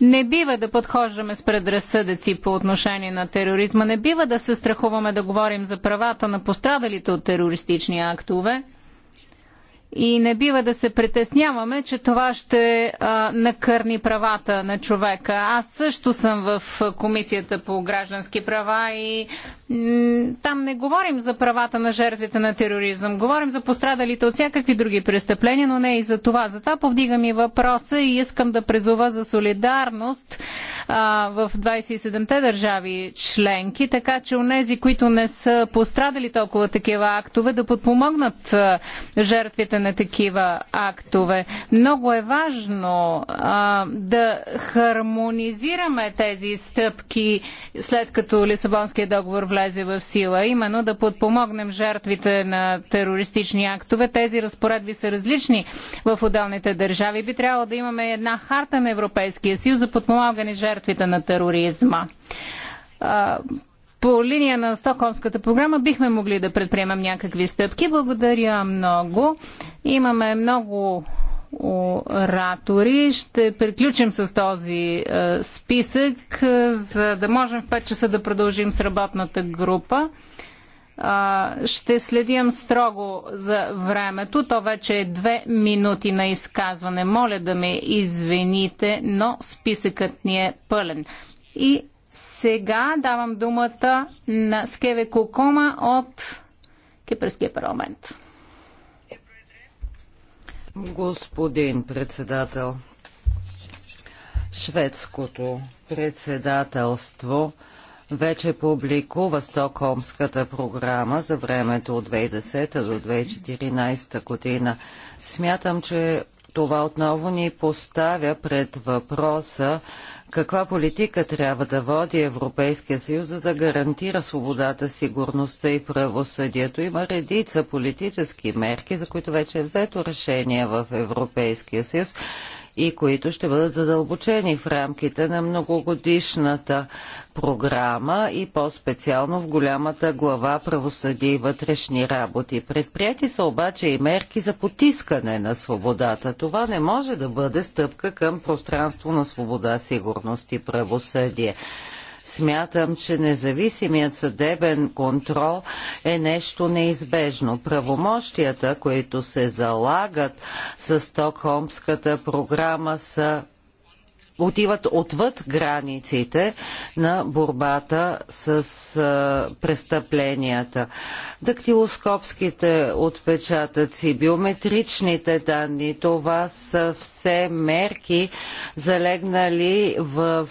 не бива да подхождаме с предразсъдъци по отношение на тероризма. Не бива да се страхуваме да говорим за правата на пострадалите от терористични актове. И не бива да се притесняваме, че това ще а, накърни правата на човека. Аз също съм в Комисията по граждански права и там не говорим за правата на жертвите на тероризъм, говорим за пострадалите от всякакви други престъпления, но не и за това. Затова повдигам и въпроса и искам да презова за солидарност а, в 27-те държави членки, така че у нези, които не са пострадали толкова такива актове, да подпомогнат а, жертвите на такива актове. Много е важно а, да хармонизираме тези стъпки след като Лисабонския договор влезе влезе в сила, именно да подпомогнем жертвите на терористични актове. Тези разпоредби са различни в отделните държави. Би трябвало да имаме една харта на Европейския съюз за подпомагане жертвите на тероризма по линия на Стокхолмската програма бихме могли да предприемам някакви стъпки. Благодаря много. Имаме много оратори. Ще приключим с този е, списък, е, за да можем в 5 часа да продължим с работната група. Е, ще следим строго за времето. То вече е две минути на изказване. Моля да ме извините, но списъкът ни е пълен. И сега давам думата на Скеве Кокома от Кипърския парламент. Господин председател, шведското председателство вече публикува Стокхолмската програма за времето от 2010 до 2014 година. Смятам, че това отново ни поставя пред въпроса каква политика трябва да води Европейския съюз, за да гарантира свободата, сигурността и правосъдието? Има редица политически мерки, за които вече е взето решение в Европейския съюз и които ще бъдат задълбочени в рамките на многогодишната програма и по-специално в голямата глава правосъдие и вътрешни работи. Предприяти са обаче и мерки за потискане на свободата. Това не може да бъде стъпка към пространство на свобода, сигурност и правосъдие. Смятам, че независимият съдебен контрол е нещо неизбежно. Правомощията, които се залагат с Токхомската програма, са отиват отвъд границите на борбата с престъпленията. Дактилоскопските отпечатъци, биометричните данни, това са все мерки, залегнали в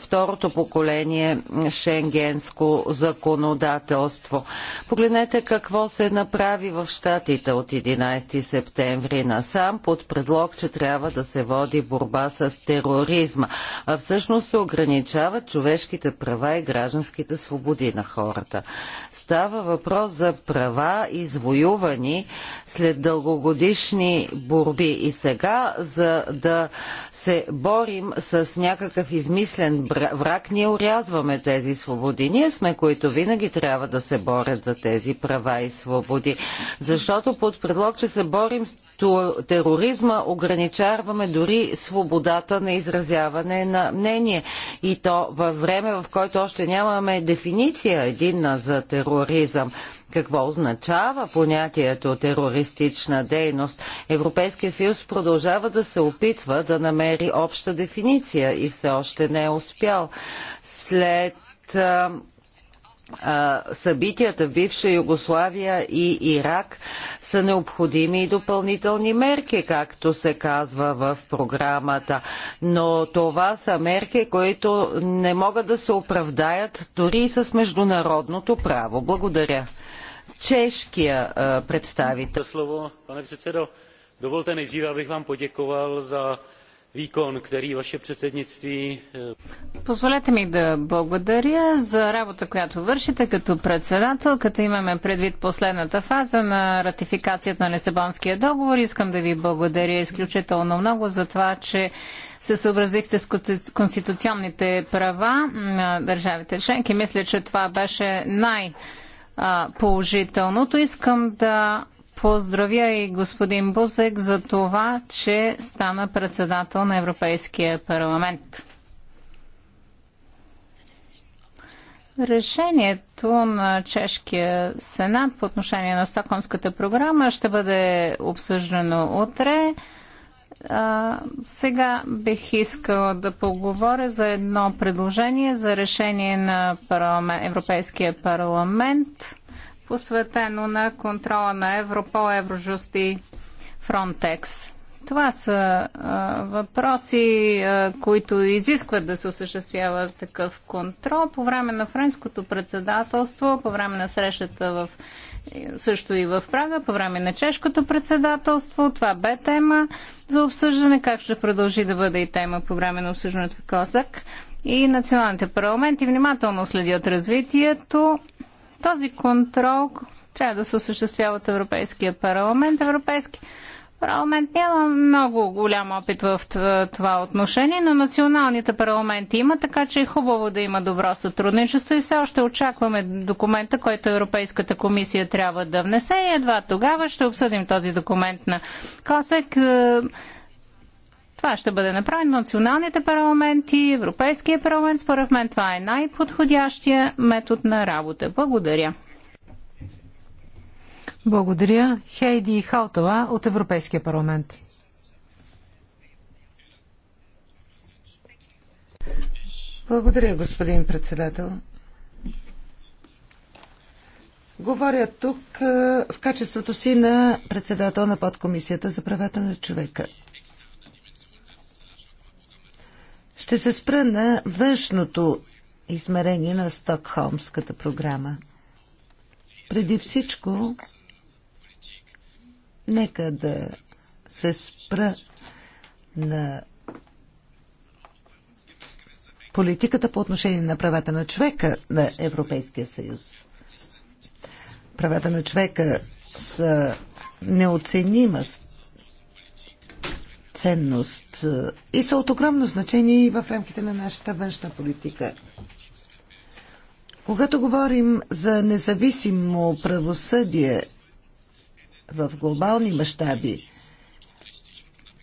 второто поколение шенгенско законодателство. Погледнете какво се направи в щатите от 11 септември насам под предлог, че трябва да се води борба с тероризма тероризма, а всъщност се ограничават човешките права и гражданските свободи на хората. Става въпрос за права, извоювани след дългогодишни борби. И сега, за да се борим с някакъв измислен враг, ние урязваме тези свободи. Ние сме, които винаги трябва да се борят за тези права и свободи. Защото под предлог, че се борим с тероризма, ограничаваме дори свободата на изразяване на мнение. И то във време, в което още нямаме дефиниция единна за тероризъм. Какво означава понятието терористична дейност? Европейския съюз продължава да се опитва да намери обща дефиниция и все още не е успял. След събитията в бивша Югославия и Ирак са необходими и допълнителни мерки, както се казва в програмата. Но това са мерки, които не могат да се оправдаят дори и с международното право. Благодаря. Чешкия представител. Слово, пане председател výkon, který vaše předsednictví... Eh, Позволете ми да благодаря за работа, която вършите като председател, като имаме предвид последната фаза на ратификацията на Лисабонския договор. Искам да ви благодаря изключително много за това, че се съобразихте с конституционните права на държавите членки. Мисля, че това беше най- положителното. Искам да поздравя и господин Бузек за това, че стана председател на Европейския парламент. Решението на Чешкия сенат по отношение на Стокхолмската програма ще бъде обсъждано утре. А, сега бих искала да поговоря за едно предложение за решение на парламент, Европейския парламент посветено на контрола на Европол, Еврожуст и Фронтекс. Това са а, въпроси, а, които изискват да се осъществява такъв контрол. По време на френското председателство, по време на срещата в, също и в Прага, по време на чешкото председателство, това бе тема за обсъждане, как ще продължи да бъде и тема по време на обсъждането в Косък. И националните парламенти внимателно следят развитието този контрол трябва да се осъществява от Европейския парламент. Европейски парламент няма много голям опит в това отношение, но националните парламенти има, така че е хубаво да има добро сътрудничество и все още очакваме документа, който Европейската комисия трябва да внесе и едва тогава ще обсъдим този документ на Косек. Е, това ще бъде направено националните парламенти, Европейския парламент. Според мен това е най-подходящия метод на работа. Благодаря. Благодаря. Хейди Халтова от Европейския парламент. Благодаря, господин председател. Говоря тук в качеството си на председател на подкомисията за правата на човека. Ще се спра на външното измерение на Стокхолмската програма. Преди всичко, нека да се спра на политиката по отношение на правата на човека на Европейския съюз. Правата на човека са неоценима ценност е, и са от огромно значение и в рамките на нашата външна политика. Когато говорим за независимо правосъдие в глобални мащаби,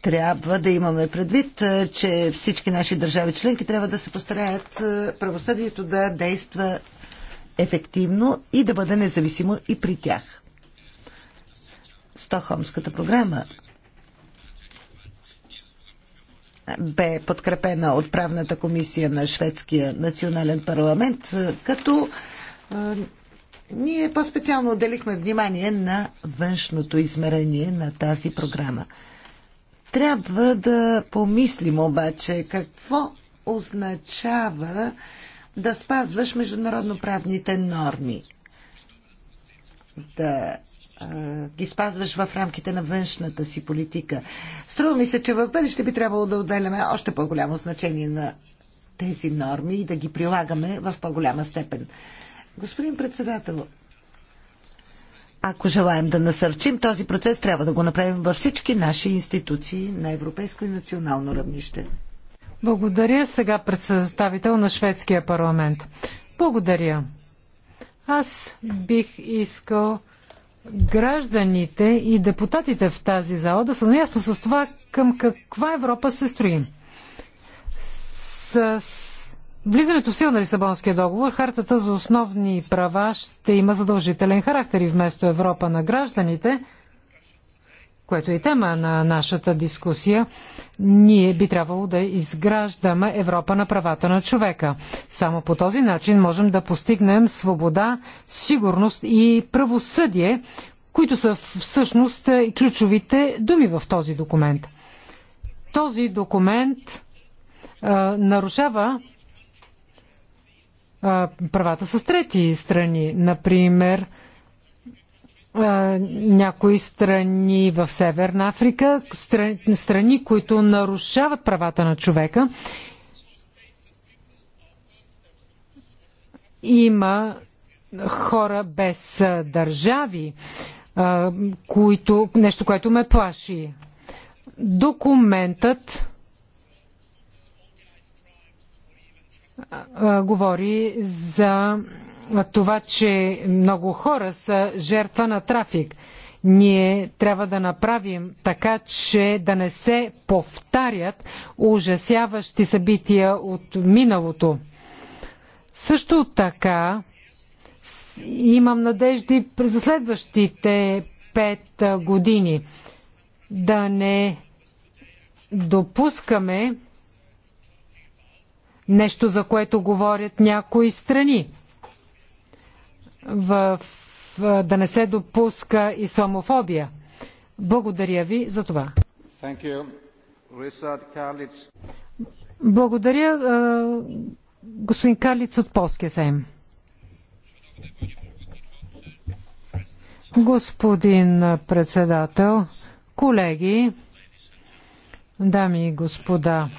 трябва да имаме предвид, е, че всички наши държави членки трябва да се постараят е, правосъдието да действа ефективно и да бъде независимо и при тях. Стохомската програма бе подкрепена от правната комисия на шведския национален парламент, е, като е, ние по-специално отделихме внимание на външното измерение на тази програма. Трябва да помислим обаче какво означава да спазваш международноправните норми. Да ги спазваш в рамките на външната си политика. Струва ми се, че в бъдеще би трябвало да отделяме още по-голямо значение на тези норми и да ги прилагаме в по-голяма степен. Господин председател, ако желаем да насърчим този процес, трябва да го направим във всички наши институции на европейско и национално равнище. Благодаря сега представител на шведския парламент. Благодаря. Аз бих искал гражданите и депутатите в тази зала да са наясно с това към каква Европа се строим. С влизането в сил на Лисабонския договор, хартата за основни права ще има задължителен характер и вместо Европа на гражданите – което е тема на нашата дискусия, ние би трябвало да изграждаме Европа на правата на човека. Само по този начин можем да постигнем свобода, сигурност и правосъдие, които са всъщност ключовите думи в този документ. Този документ а, нарушава а, правата с трети страни, например, а, някои страни в Северна Африка, страни, които нарушават правата на човека. Има хора без държави, които, нещо, което ме плаши. Документът говори за това, че много хора са жертва на трафик. Ние трябва да направим така, че да не се повтарят ужасяващи събития от миналото. Също така имам надежди за следващите пет години да не допускаме нещо, за което говорят някои страни в, в, да не се допуска исламофобия. Благодаря ви за това. Благодаря, господин Карлиц от Полския сем. Господин председател, колеги, дами и господа,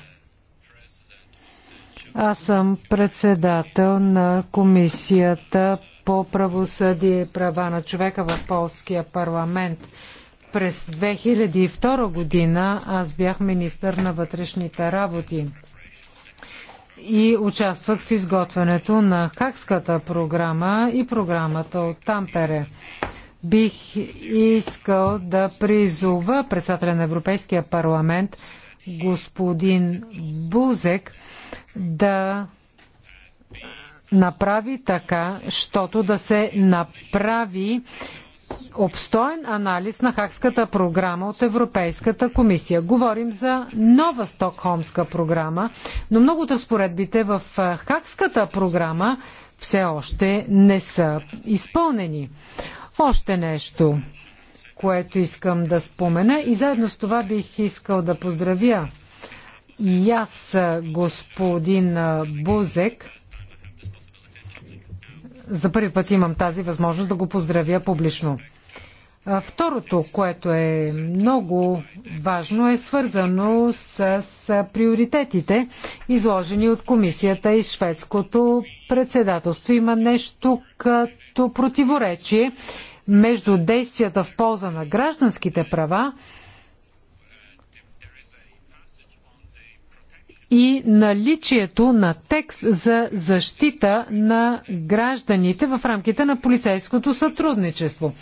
аз съм председател на комисията по правосъдие и права на човека в полския парламент. През 2002 година аз бях министър на вътрешните работи и участвах в изготвянето на Хакската програма и програмата от Тампере. Бих искал да призова председателя на Европейския парламент господин Бузек да направи така, щото да се направи обстоен анализ на хакската програма от Европейската комисия. Говорим за нова стокхолмска програма, но много от разпоредбите в хакската програма все още не са изпълнени. Още нещо, което искам да спомена и заедно с това бих искал да поздравя и аз господин Бузек – за първи път имам тази възможност да го поздравя публично. Второто, което е много важно, е свързано с приоритетите, изложени от комисията и шведското председателство. Има нещо като противоречие между действията в полза на гражданските права и наличието на текст за защита на гражданите в рамките на полицейското сътрудничество.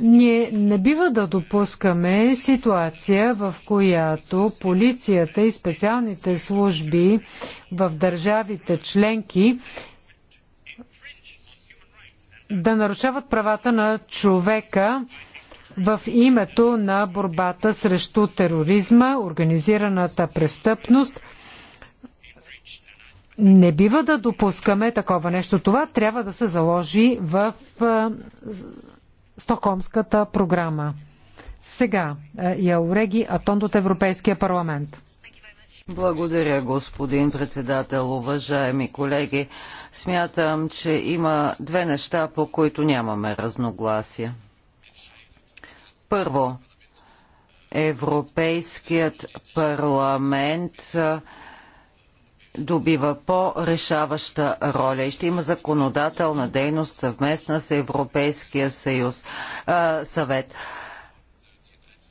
Ние не бива да допускаме ситуация, в която полицията и специалните служби в държавите членки да нарушават правата на човека в името на борбата срещу тероризма, организираната престъпност. Не бива да допускаме такова нещо. Това трябва да се заложи в Стокхолмската програма. Сега, Яуреги Атонд от Европейския парламент. Благодаря, господин председател. Уважаеми колеги, смятам, че има две неща, по които нямаме разногласия. Първо, Европейският парламент добива по-решаваща роля и ще има законодателна дейност съвместна с Европейския съюз, а, съвет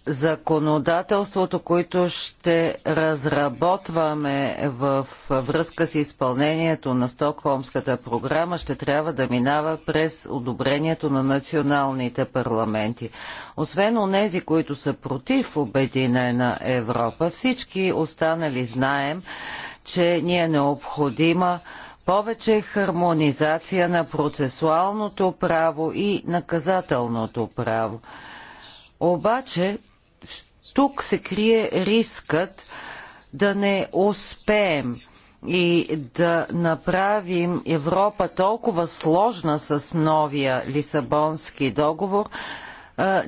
законодателството, което ще разработваме в връзка с изпълнението на Стокхолмската програма, ще трябва да минава през одобрението на националните парламенти. Освен онези, които са против обединена Европа, всички останали знаем, че ни е необходима повече хармонизация на процесуалното право и наказателното право. Обаче тук се крие рискът да не успеем и да направим Европа толкова сложна с новия Лисабонски договор,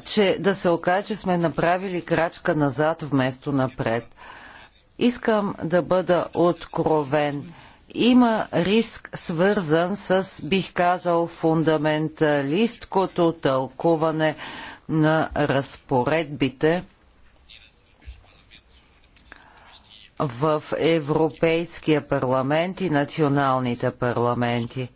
че да се окаже, че сме направили крачка назад вместо напред. Искам да бъда откровен. Има риск свързан с, бих казал, фундаменталисткото тълкуване на разпоредбите – в Европейския парламент и националните парламенти.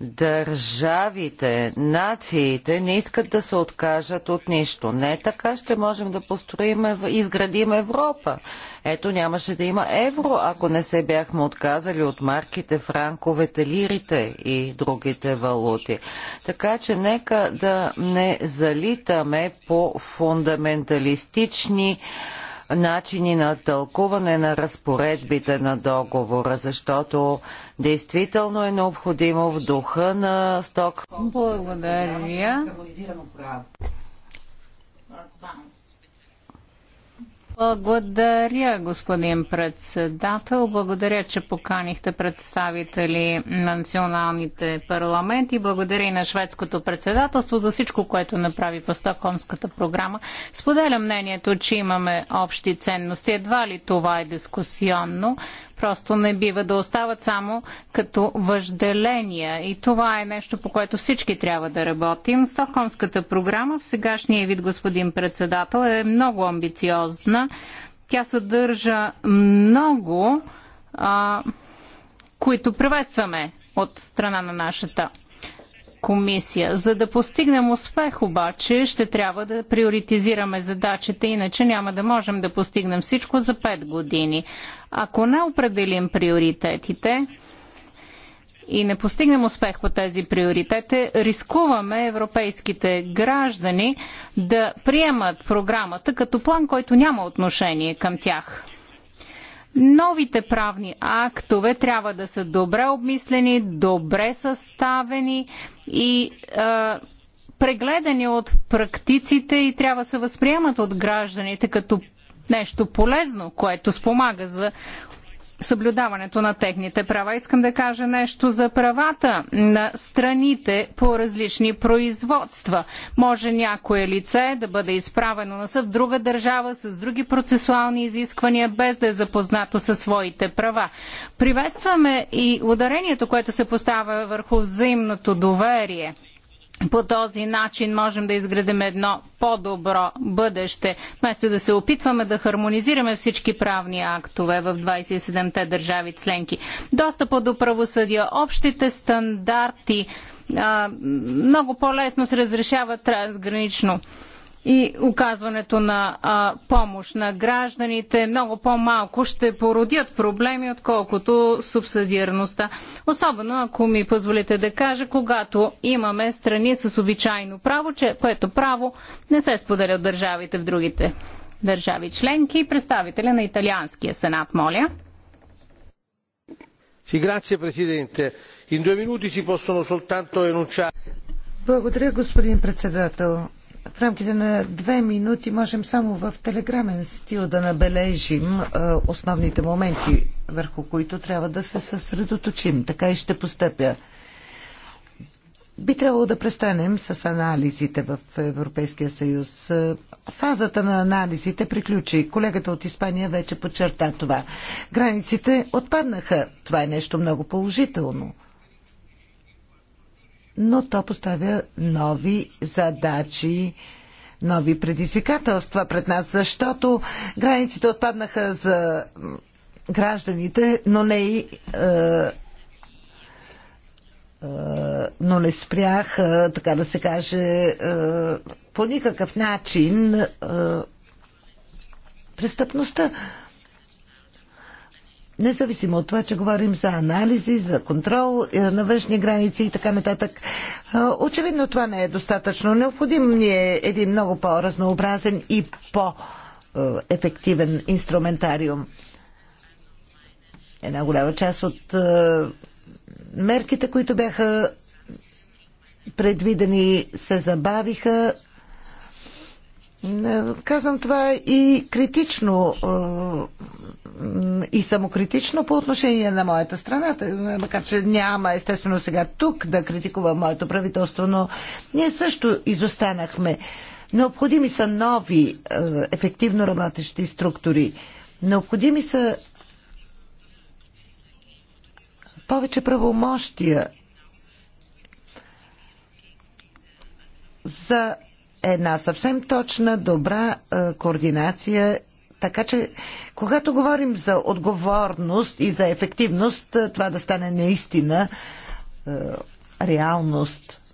Държавите, нациите не искат да се откажат от нищо. Не така ще можем да построим, изградим Европа. Ето нямаше да има евро, ако не се бяхме отказали от марките, франковете, лирите и другите валути. Така че нека да не залитаме по фундаменталистични начини на тълкуване на разпоредбите на договора, защото действително е необходимо в духа на сток. Благодаря. Благодаря, господин председател. Благодаря, че поканихте представители на националните парламенти. Благодаря и на шведското председателство за всичко, което направи по Стокхолмската програма. Споделя мнението, че имаме общи ценности. Едва ли това е дискусионно просто не бива да остават само като въжделения. И това е нещо, по което всички трябва да работим. Стокхолмската програма в сегашния вид, господин председател, е много амбициозна. Тя съдържа много, а, които приветстваме от страна на нашата комисия. За да постигнем успех обаче, ще трябва да приоритизираме задачите, иначе няма да можем да постигнем всичко за 5 години. Ако не определим приоритетите, и не постигнем успех по тези приоритети, рискуваме европейските граждани да приемат програмата като план, който няма отношение към тях. Новите правни актове трябва да са добре обмислени, добре съставени и е, прегледани от практиците и трябва да се възприемат от гражданите като нещо полезно, което спомага за съблюдаването на техните права. Искам да кажа нещо за правата на страните по различни производства. Може някое лице да бъде изправено на съд в друга държава с други процесуални изисквания, без да е запознато със своите права. Приветстваме и ударението, което се поставя върху взаимното доверие по този начин можем да изградим едно по-добро бъдеще, вместо да се опитваме да хармонизираме всички правни актове в 27-те държави членки. Достъпа до правосъдие, общите стандарти много по-лесно се разрешават трансгранично и оказването на а, помощ на гражданите много по-малко ще породят проблеми, отколкото субсидиарността. Особено, ако ми позволите да кажа, когато имаме страни с обичайно право, че, което право не се споделя от държавите в другите държави членки. Представителя на Италианския сенат, моля. Си, грация, президенте. In due minuti si possono soltanto enunciare. Благодаря, господин председател в рамките на две минути можем само в телеграмен стил да набележим основните моменти, върху които трябва да се съсредоточим. Така и ще постъпя. Би трябвало да престанем с анализите в Европейския съюз. Фазата на анализите приключи. Колегата от Испания вече подчерта това. Границите отпаднаха. Това е нещо много положително но то поставя нови задачи, нови предизвикателства пред нас, защото границите отпаднаха за гражданите, но не и е, е но не спряха, така да се каже, е, по никакъв начин е, престъпността независимо от това, че говорим за анализи, за контрол е, на външни граници и така нататък. Е, очевидно това не е достатъчно. Необходим ни е един много по-разнообразен и по-ефективен инструментариум. Една голяма част от е, мерките, които бяха предвидени, се забавиха е, казвам това и критично е, и самокритично по отношение на моята страна, е, макар че няма естествено сега тук да критикувам моето правителство, но ние също изостанахме. Необходими са нови ефективно работещи структури. Необходими са повече правомощия за една съвсем точна, добра е, координация. Така че, когато говорим за отговорност и за ефективност, е, това да стане наистина е, реалност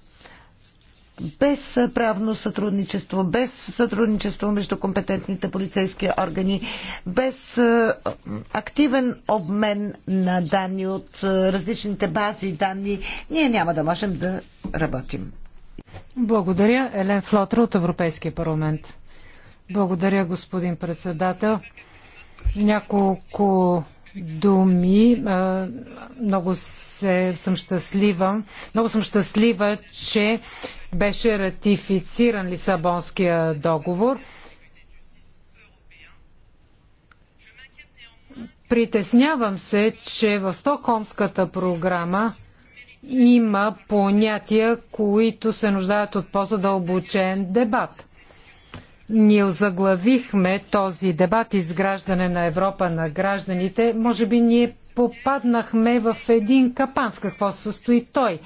без правно сътрудничество, без сътрудничество между компетентните полицейски органи, без активен обмен на данни от различните бази данни, ние няма да можем да работим. Благодаря. Елен Флотра от Европейския парламент. Благодаря, господин председател. Няколко думи. Много се, съм щастлива. Много съм щастлива, че беше ратифициран Лисабонския договор. Притеснявам се, че в Стокхолмската програма има понятия, които се нуждаят от по-задълбочен дебат. Ние заглавихме този дебат изграждане на Европа на гражданите. Може би ние попаднахме в един капан. В какво се състои той?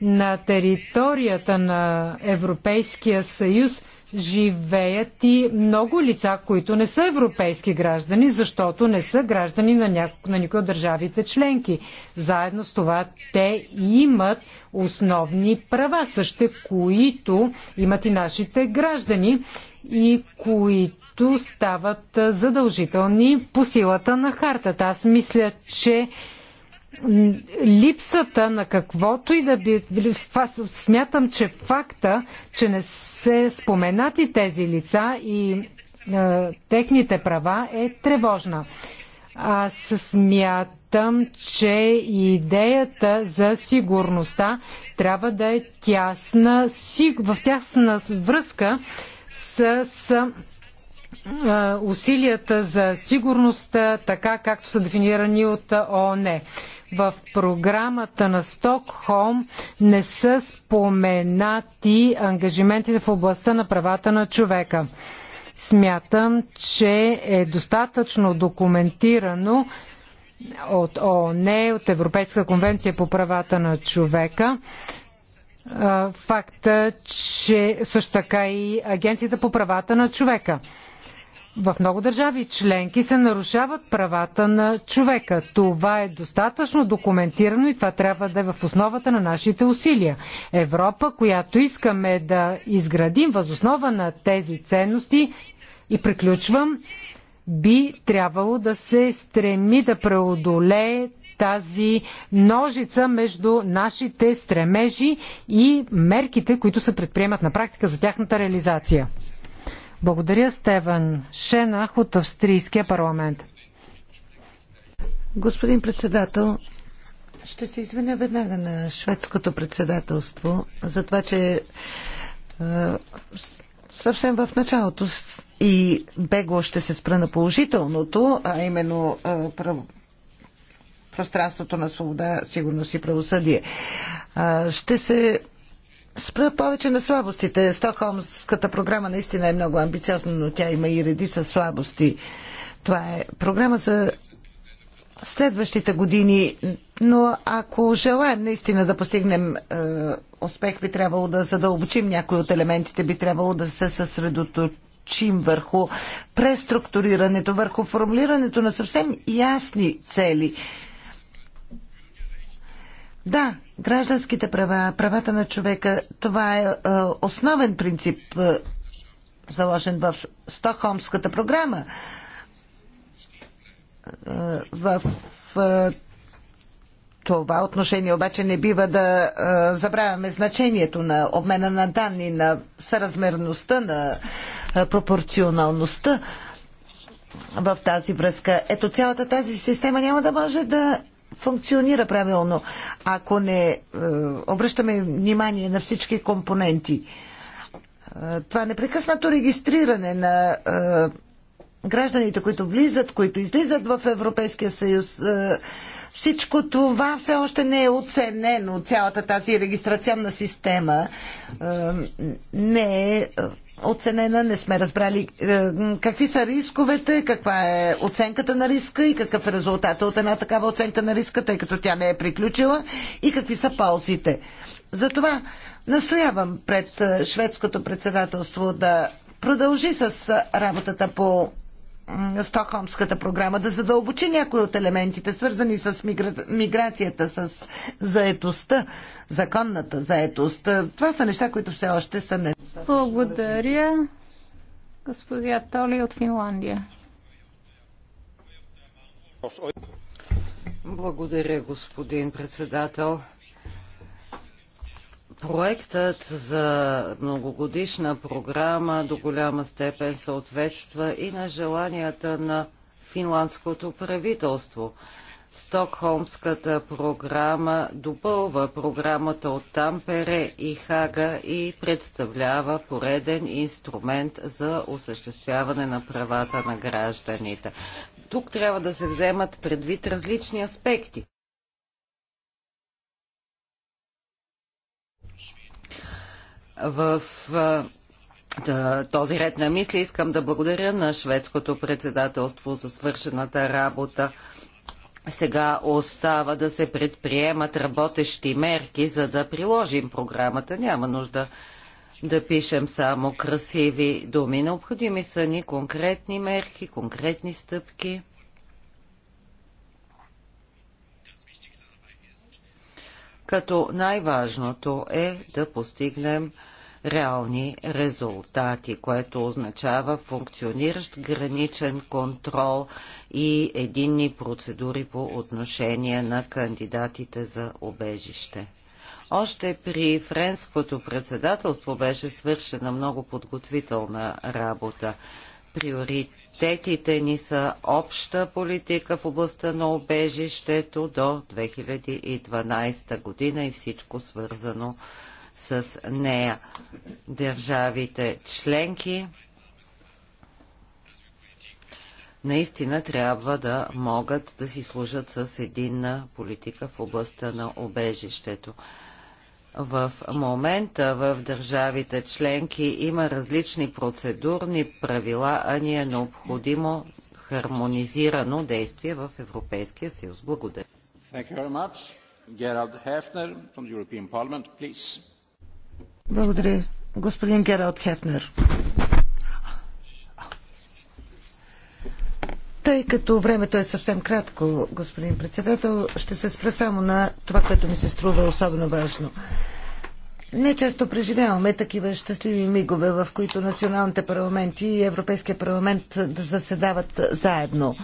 На територията на Европейския съюз живеят и много лица, които не са европейски граждани, защото не са граждани на, няко, на никой от държавите членки. Заедно с това те имат основни права, също които имат и нашите граждани и които стават задължителни по силата на хартата. Аз мисля, че липсата на каквото и да би... Смятам, че факта, че не се споменати тези лица и е, техните права е тревожна. Аз смятам, че идеята за сигурността трябва да е тясна, в тясна връзка с, усилията за сигурността, така както са дефинирани от ООН в програмата на Стокхолм не са споменати ангажиментите в областта на правата на човека. Смятам, че е достатъчно документирано от ООН, от Европейска конвенция по правата на човека, факта, че също така и Агенцията по правата на човека в много държави членки се нарушават правата на човека. Това е достатъчно документирано и това трябва да е в основата на нашите усилия. Европа, която искаме да изградим възоснова на тези ценности и приключвам, би трябвало да се стреми да преодолее тази ножица между нашите стремежи и мерките, които се предприемат на практика за тяхната реализация. Благодаря, Стеван Шенах от Австрийския парламент. Господин председател, ще се извиня веднага на шведското председателство за това, че е, съвсем в началото и бегло ще се спра на положителното, а именно е, пространството на свобода, сигурност и правосъдие. Ще се спра повече на слабостите. Стокхолмската програма наистина е много амбициозна, но тя има и редица слабости. Това е програма за следващите години, но ако желаем наистина да постигнем е, успех, би трябвало да задълбочим някои от елементите, би трябвало да се съсредоточим върху преструктурирането, върху формулирането на съвсем ясни цели – да, гражданските права, правата на човека, това е, е основен принцип, е, заложен в Стокхолмската програма. Е, в това отношение обаче не бива да забравяме значението на обмена на данни, на съразмерността, на пропорционалността в тази връзка. Ето цялата тази система няма да може да функционира правилно, ако не е, обръщаме внимание на всички компоненти. Е, това непрекъснато регистриране на е, гражданите, които влизат, които излизат в Европейския съюз, е, всичко това все още не е оценено. Цялата тази регистрационна система е, не е оценена, не сме разбрали е, какви са рисковете, каква е оценката на риска и какъв е резултата от една такава оценка на риска, тъй като тя не е приключила и какви са ползите. Затова настоявам пред е, шведското председателство да продължи с е, работата по Стокхолмската програма, да задълбочи някои от елементите, свързани с мигра... миграцията, с заетостта, законната заетост. Това са неща, които все още са не. Благодаря, Господин Толи от Финландия. Благодаря, господин председател. Проектът за многогодишна програма до голяма степен съответства и на желанията на финландското правителство. Стокхолмската програма допълва програмата от Тампере и Хага и представлява пореден инструмент за осъществяване на правата на гражданите. Тук трябва да се вземат предвид различни аспекти В този ред на мисли искам да благодаря на шведското председателство за свършената работа. Сега остава да се предприемат работещи мерки, за да приложим програмата. Няма нужда да пишем само красиви думи. Необходими са ни конкретни мерки, конкретни стъпки. Като най-важното е да постигнем реални резултати, което означава функциониращ граничен контрол и единни процедури по отношение на кандидатите за обежище. Още при френското председателство беше свършена много подготвителна работа. Приоритетите ни са обща политика в областта на обежището до 2012 година и всичко свързано с с нея. Държавите членки наистина трябва да могат да си служат с единна политика в областта на обежището. В момента в държавите членки има различни процедурни правила, а ни е необходимо хармонизирано действие в Европейския съюз. Благодаря. Thank you very much. Gerald Hefner from the European Parliament, please. Благодаря. Господин Гералд Хефнер. Тъй като времето е съвсем кратко, господин председател, ще се спра само на това, което ми се струва особено важно. Не често преживяваме такива щастливи мигове, в които националните парламенти и Европейския парламент да заседават заедно.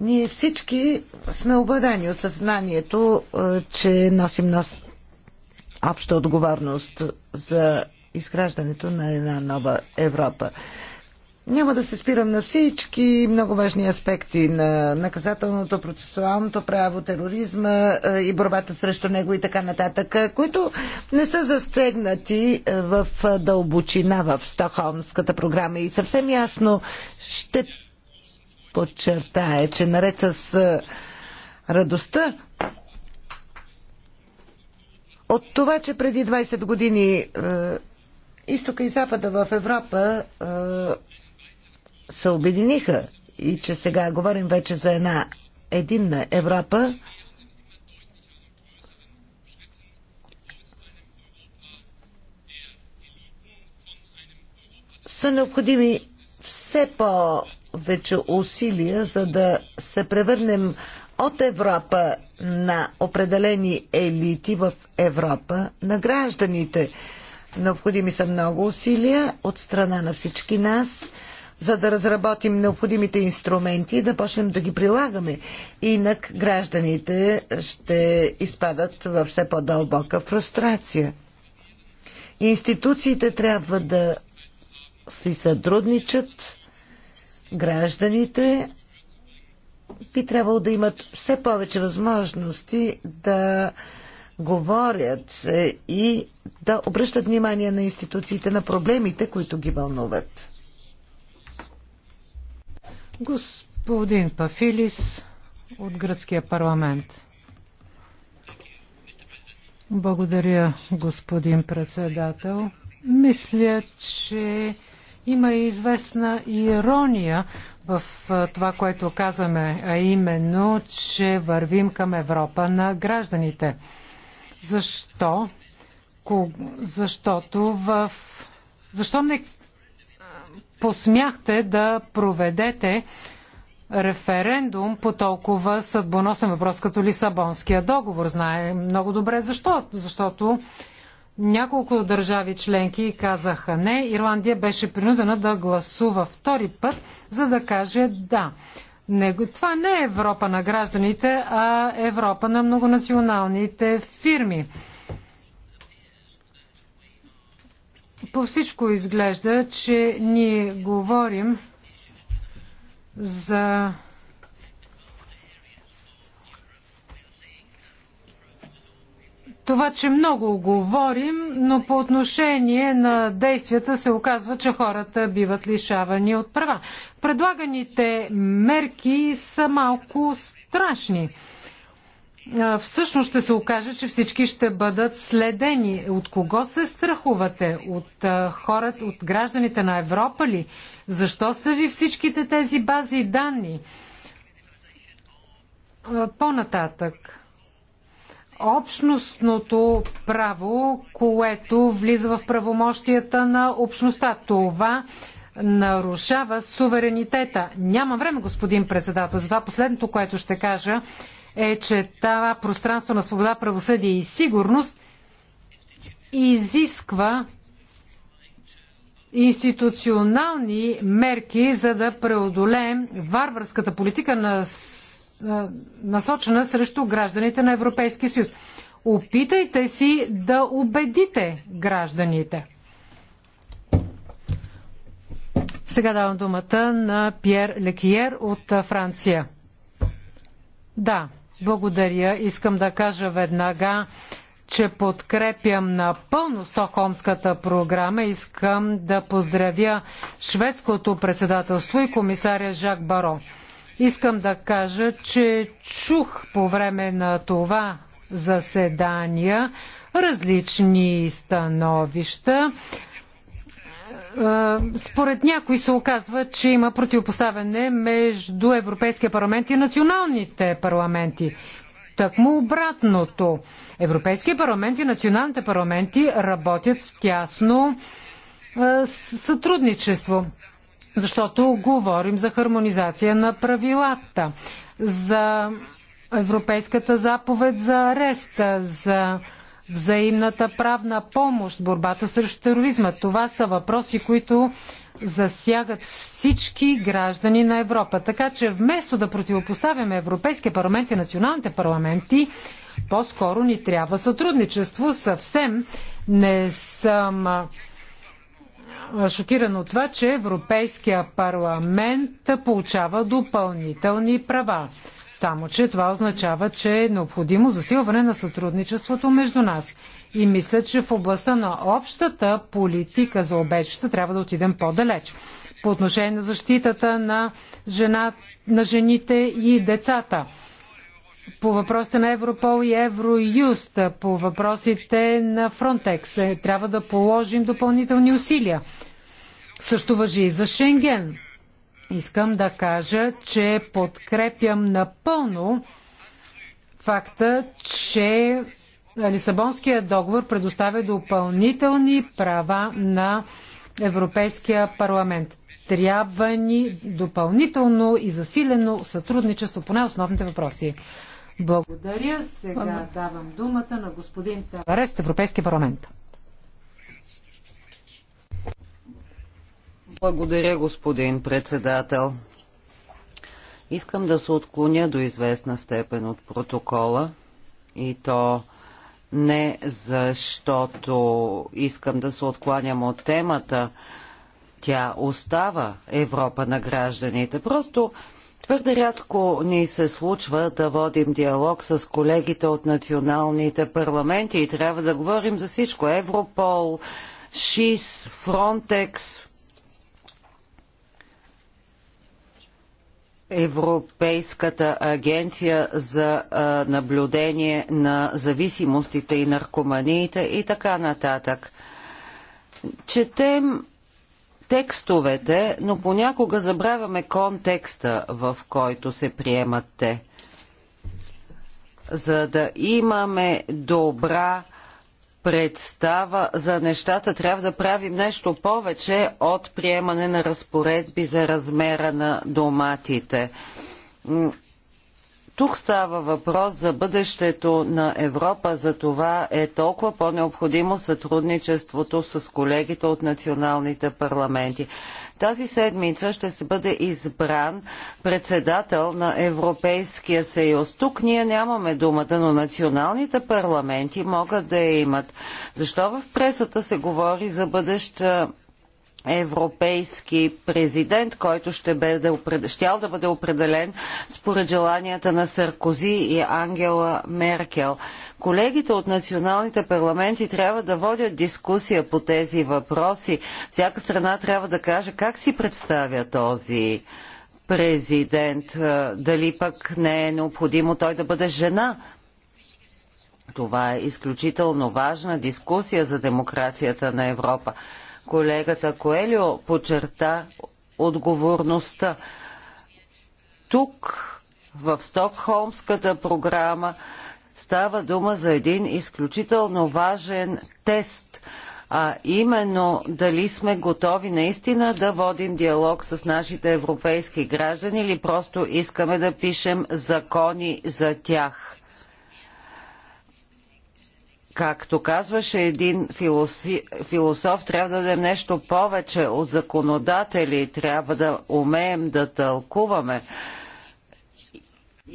Ние всички сме обладани от съзнанието, е, че носим нас обща отговорност за изграждането на една нова Европа. Няма да се спирам на всички много важни аспекти на наказателното, процесуалното право, тероризма е, и борбата срещу него и така нататък, които не са застегнати е, в дълбочина в Стокхолмската програма и съвсем ясно ще подчертая, че наред с е, радостта от това, че преди 20 години е, изтока и запада в Европа е, се обединиха и че сега говорим вече за една единна Европа, са необходими все по вече усилия, за да се превърнем от Европа на определени елити в Европа на гражданите. Необходими са много усилия от страна на всички нас, за да разработим необходимите инструменти и да почнем да ги прилагаме. Инак гражданите ще изпадат в все по-дълбока фрустрация. Институциите трябва да си сътрудничат, гражданите би трябвало да имат все повече възможности да говорят и да обръщат внимание на институциите на проблемите, които ги вълнуват. Господин Пафилис от Гръцкия парламент. Благодаря, господин председател. Мисля, че има и известна ирония в това, което казваме, а именно, че вървим към Европа на гражданите. Защо? Защото в... Защо не посмяхте да проведете референдум по толкова съдбоносен въпрос като Лисабонския договор? Знае много добре защо. Защото няколко държави членки казаха не. Ирландия беше принудена да гласува втори път, за да каже да. Не, това не е Европа на гражданите, а Европа на многонационалните фирми. По всичко изглежда, че ние говорим за това, че много говорим, но по отношение на действията се оказва, че хората биват лишавани от права. Предлаганите мерки са малко страшни. Всъщност ще се окаже, че всички ще бъдат следени. От кого се страхувате? От хората, от гражданите на Европа ли? Защо са ви всичките тези бази данни? По-нататък общностното право, което влиза в правомощията на общността. Това нарушава суверенитета. Няма време, господин председател. Затова последното, което ще кажа, е, че това пространство на свобода, правосъдие и сигурност изисква институционални мерки, за да преодолеем варварската политика на насочена срещу гражданите на Европейския съюз. Опитайте си да убедите гражданите. Сега давам думата на Пьер Лекиер от Франция. Да, благодаря. Искам да кажа веднага, че подкрепям напълно Стокхолмската програма. Искам да поздравя шведското председателство и комисаря Жак Баро. Искам да кажа, че чух по време на това заседание различни становища. Е, според някои се оказва, че има противопоставяне между Европейския парламент и националните парламенти. Тъкмо обратното. Европейския парламент и националните парламенти работят в тясно е, сътрудничество защото говорим за хармонизация на правилата, за Европейската заповед за ареста, за взаимната правна помощ, борбата срещу тероризма. Това са въпроси, които засягат всички граждани на Европа. Така че вместо да противопоставяме Европейския парламент и националните парламенти, по-скоро ни трябва сътрудничество. Съвсем не съм шокиран от това, че Европейския парламент получава допълнителни права. Само, че това означава, че е необходимо засилване на сътрудничеството между нас. И мисля, че в областта на общата политика за обечета трябва да отидем по-далеч. По отношение на защитата на, жена, на жените и децата по въпросите на Европол и Евроюст, по въпросите на Фронтекс. Е, трябва да положим допълнителни усилия. Също въжи и за Шенген. Искам да кажа, че подкрепям напълно факта, че Лисабонският договор предоставя допълнителни права на Европейския парламент. Трябва ни допълнително и засилено сътрудничество по най-основните въпроси. Благодаря. Сега давам думата на господин Таварес от Европейския парламент. Благодаря, господин председател. Искам да се отклоня до известна степен от протокола и то не защото искам да се отклоням от темата. Тя остава Европа на гражданите. Просто Твърде рядко ни се случва да водим диалог с колегите от националните парламенти и трябва да говорим за всичко. Европол, ШИС, Фронтекс, Европейската агенция за наблюдение на зависимостите и наркоманиите и така нататък. Четем текстовете, но понякога забравяме контекста, в който се приемат те. За да имаме добра представа за нещата, трябва да правим нещо повече от приемане на разпоредби за размера на доматите тук става въпрос за бъдещето на Европа, за това е толкова по-необходимо сътрудничеството с колегите от националните парламенти. Тази седмица ще се бъде избран председател на Европейския съюз. Тук ние нямаме думата, но националните парламенти могат да я имат. Защо в пресата се говори за бъдеща европейски президент, който ще бъде, щял да бъде определен според желанията на Саркози и Ангела Меркел. Колегите от националните парламенти трябва да водят дискусия по тези въпроси. Всяка страна трябва да каже как си представя този президент, е, дали пък не е необходимо той да бъде жена, това е изключително важна дискусия за демокрацията на Европа. Колегата Коелио подчерта отговорността. Тук, в Стокхолмската програма, става дума за един изключително важен тест, а именно дали сме готови наистина да водим диалог с нашите европейски граждани или просто искаме да пишем закони за тях. Както казваше един философ, трябва да дадем нещо повече от законодатели, трябва да умеем да тълкуваме.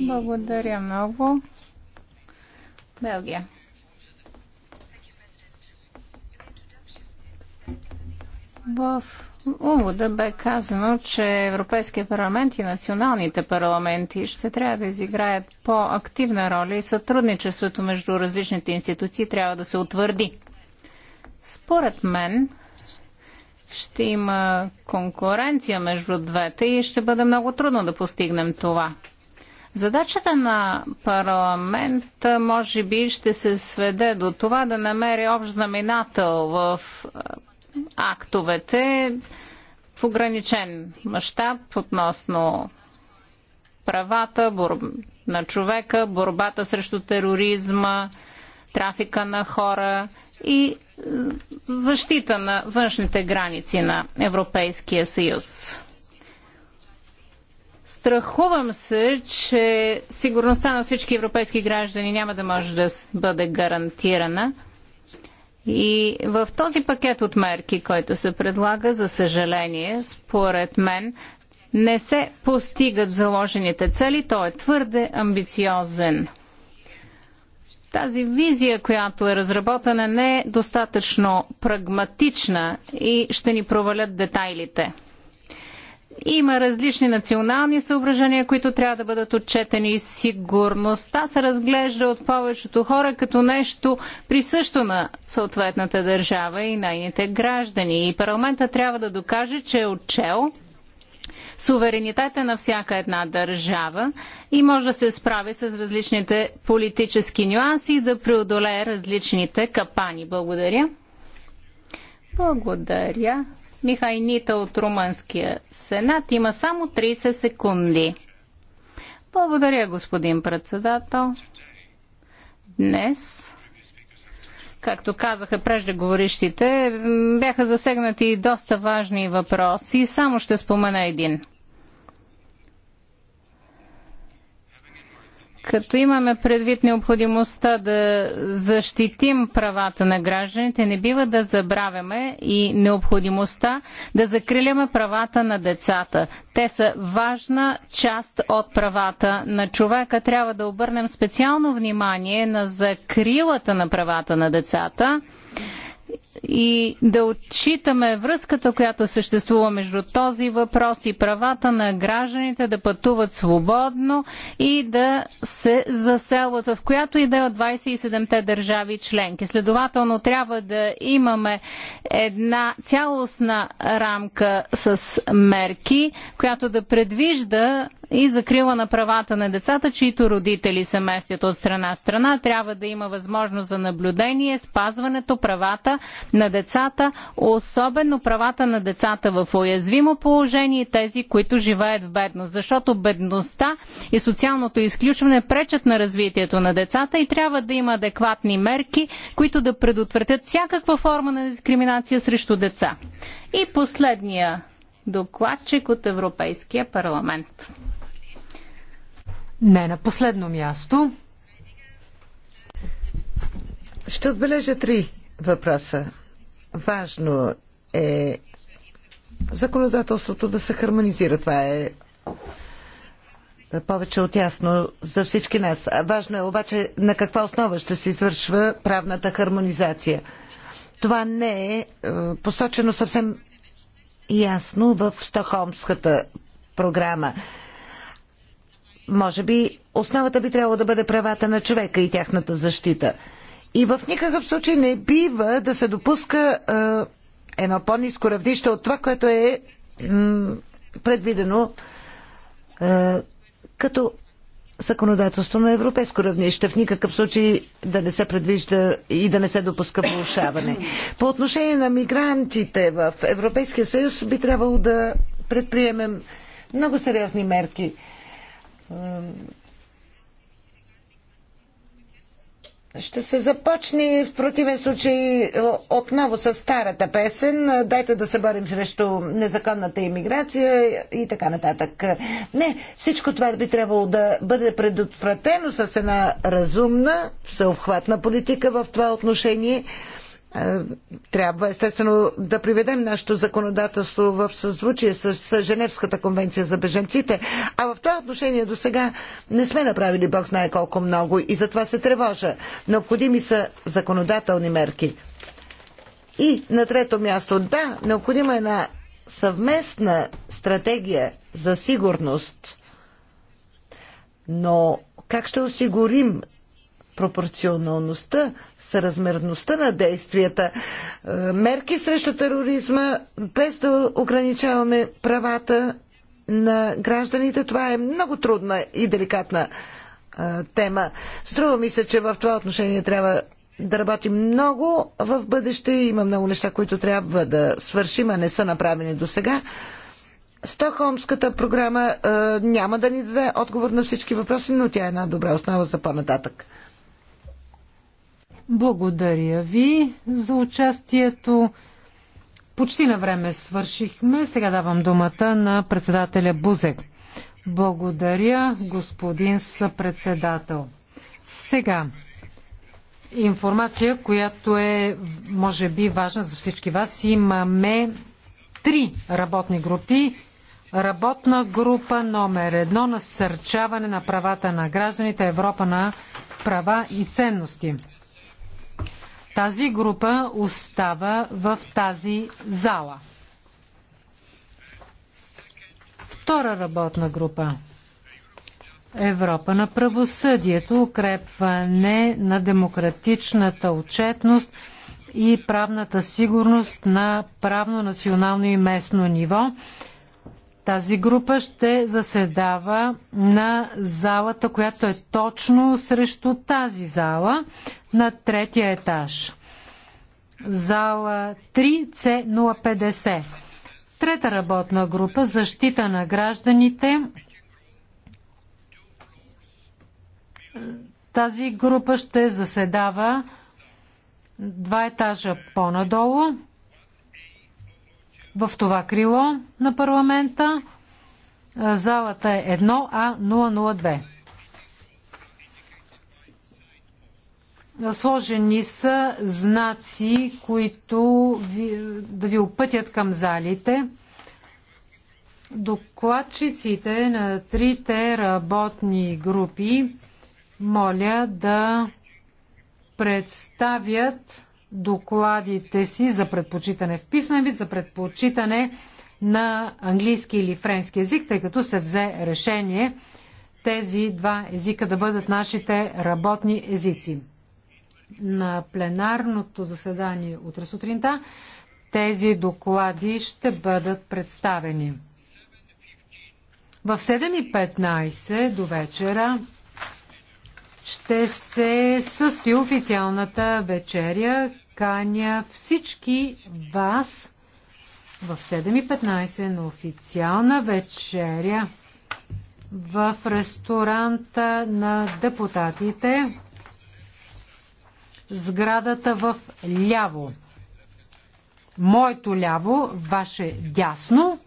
Благодаря много. Белгия. В увода бе казано, че Европейския парламент и националните парламенти ще трябва да изиграят по-активна роля и сътрудничеството между различните институции трябва да се утвърди. Според мен ще има конкуренция между двете и ще бъде много трудно да постигнем това. Задачата на парламента може би ще се сведе до това да намери общ знаменател в актовете в ограничен мащаб относно правата бор... на човека, борбата срещу тероризма, трафика на хора и защита на външните граници на Европейския съюз. Страхувам се, че сигурността на всички европейски граждани няма да може да бъде гарантирана – и в този пакет от мерки, който се предлага, за съжаление, според мен, не се постигат заложените цели. Той е твърде амбициозен. Тази визия, която е разработена, не е достатъчно прагматична и ще ни провалят детайлите. Има различни национални съображения, които трябва да бъдат отчетени. И Сигурността се разглежда от повечето хора като нещо присъщо на съответната държава и нейните граждани. И парламента трябва да докаже, че е отчел суверенитета на всяка една държава и може да се справи с различните политически нюанси и да преодолее различните капани. Благодаря. Благодаря. Михайнита от Румънския сенат. Има само 30 секунди. Благодаря, господин председател. Днес както казаха преждеговорищите, бяха засегнати доста важни въпроси. Само ще спомена един. Като имаме предвид необходимостта да защитим правата на гражданите, не бива да забравяме и необходимостта да закриляме правата на децата. Те са важна част от правата на човека. Трябва да обърнем специално внимание на закрилата на правата на децата и да отчитаме връзката, която съществува между този въпрос и правата на гражданите да пътуват свободно и да се заселват в която и да е от 27-те държави членки. Следователно трябва да имаме една цялостна рамка с мерки, която да предвижда и закрила на правата на децата, чието родители се местят от страна в страна. Трябва да има възможност за наблюдение, спазването правата на децата, особено правата на децата в уязвимо положение и тези, които живеят в бедност. Защото бедността и социалното изключване пречат на развитието на децата и трябва да има адекватни мерки, които да предотвратят всякаква форма на дискриминация срещу деца. И последния докладчик от Европейския парламент. Не на последно място. Ще отбележа три въпроса. Важно е законодателството да се хармонизира. Това е повече от ясно за всички нас. Важно е обаче на каква основа ще се извършва правната хармонизация. Това не е, е посочено съвсем ясно в Стокхолмската програма. Може би основата би трябвало да бъде правата на човека и тяхната защита – и в никакъв случай не бива да се допуска е, едно по-низко равнище от това, което е предвидено е, като законодателство на европейско равнище. В никакъв случай да не се предвижда и да не се допуска повишаване. По отношение на мигрантите в Европейския съюз би трябвало да предприемем много сериозни мерки. Ще се започне в противен случай е, отново с старата песен. Дайте да се борим срещу незаконната иммиграция и така нататък. Не, всичко това би трябвало да бъде предотвратено с една разумна, всеобхватна политика в това отношение. Е, трябва естествено да приведем нашето законодателство в съзвучие с Женевската конвенция за беженците, а в това отношение до сега не сме направили бог знае колко много и затова се тревожа. Необходими са законодателни мерки. И на трето място, да, необходима е една съвместна стратегия за сигурност, но как ще осигурим пропорционалността, съразмерността на действията, е, мерки срещу тероризма, без да ограничаваме правата на гражданите. Това е много трудна и деликатна е, тема. Струва ми се, че в това отношение трябва да работим много в бъдеще. Има много неща, които трябва да свършим, а не са направени до сега. Стокхолмската програма е, няма да ни даде отговор на всички въпроси, но тя е една добра основа за по-нататък. Благодаря ви за участието. Почти на време свършихме. Сега давам думата на председателя Бузек. Благодаря, господин съпредседател. Сега, информация, която е, може би, важна за всички вас. Имаме три работни групи. Работна група номер едно – насърчаване на правата на гражданите, Европа на права и ценности. Тази група остава в тази зала. Втора работна група. Европа на правосъдието, укрепване на демократичната отчетност и правната сигурност на правно, национално и местно ниво тази група ще заседава на залата, която е точно срещу тази зала, на третия етаж. Зала 3C050. Трета работна група защита на гражданите. Тази група ще заседава два етажа по-надолу в това крило на парламента. Залата е 1А002. Сложени са знаци, които ви, да ви опътят към залите. Докладчиците на трите работни групи моля да представят докладите си за предпочитане в писмен вид, за предпочитане на английски или френски език, тъй като се взе решение тези два езика да бъдат нашите работни езици. На пленарното заседание утре сутринта тези доклади ще бъдат представени. В 7.15 до вечера ще се състои официалната вечеря, каня всички вас в 7.15 на официална вечеря в ресторанта на депутатите сградата в ляво. Моето ляво, ваше дясно.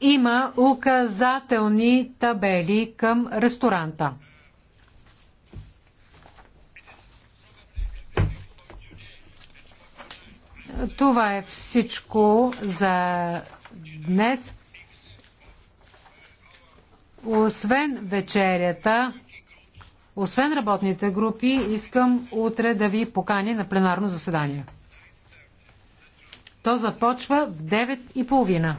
Има указателни табели към ресторанта. Това е всичко за днес. Освен вечерята, освен работните групи, искам утре да ви поканя на пленарно заседание. То започва в 9.30.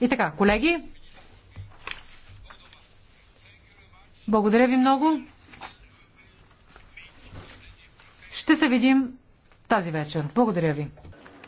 И така, колеги, благодаря ви много. Ще се видим тази вечер. Благодаря ви.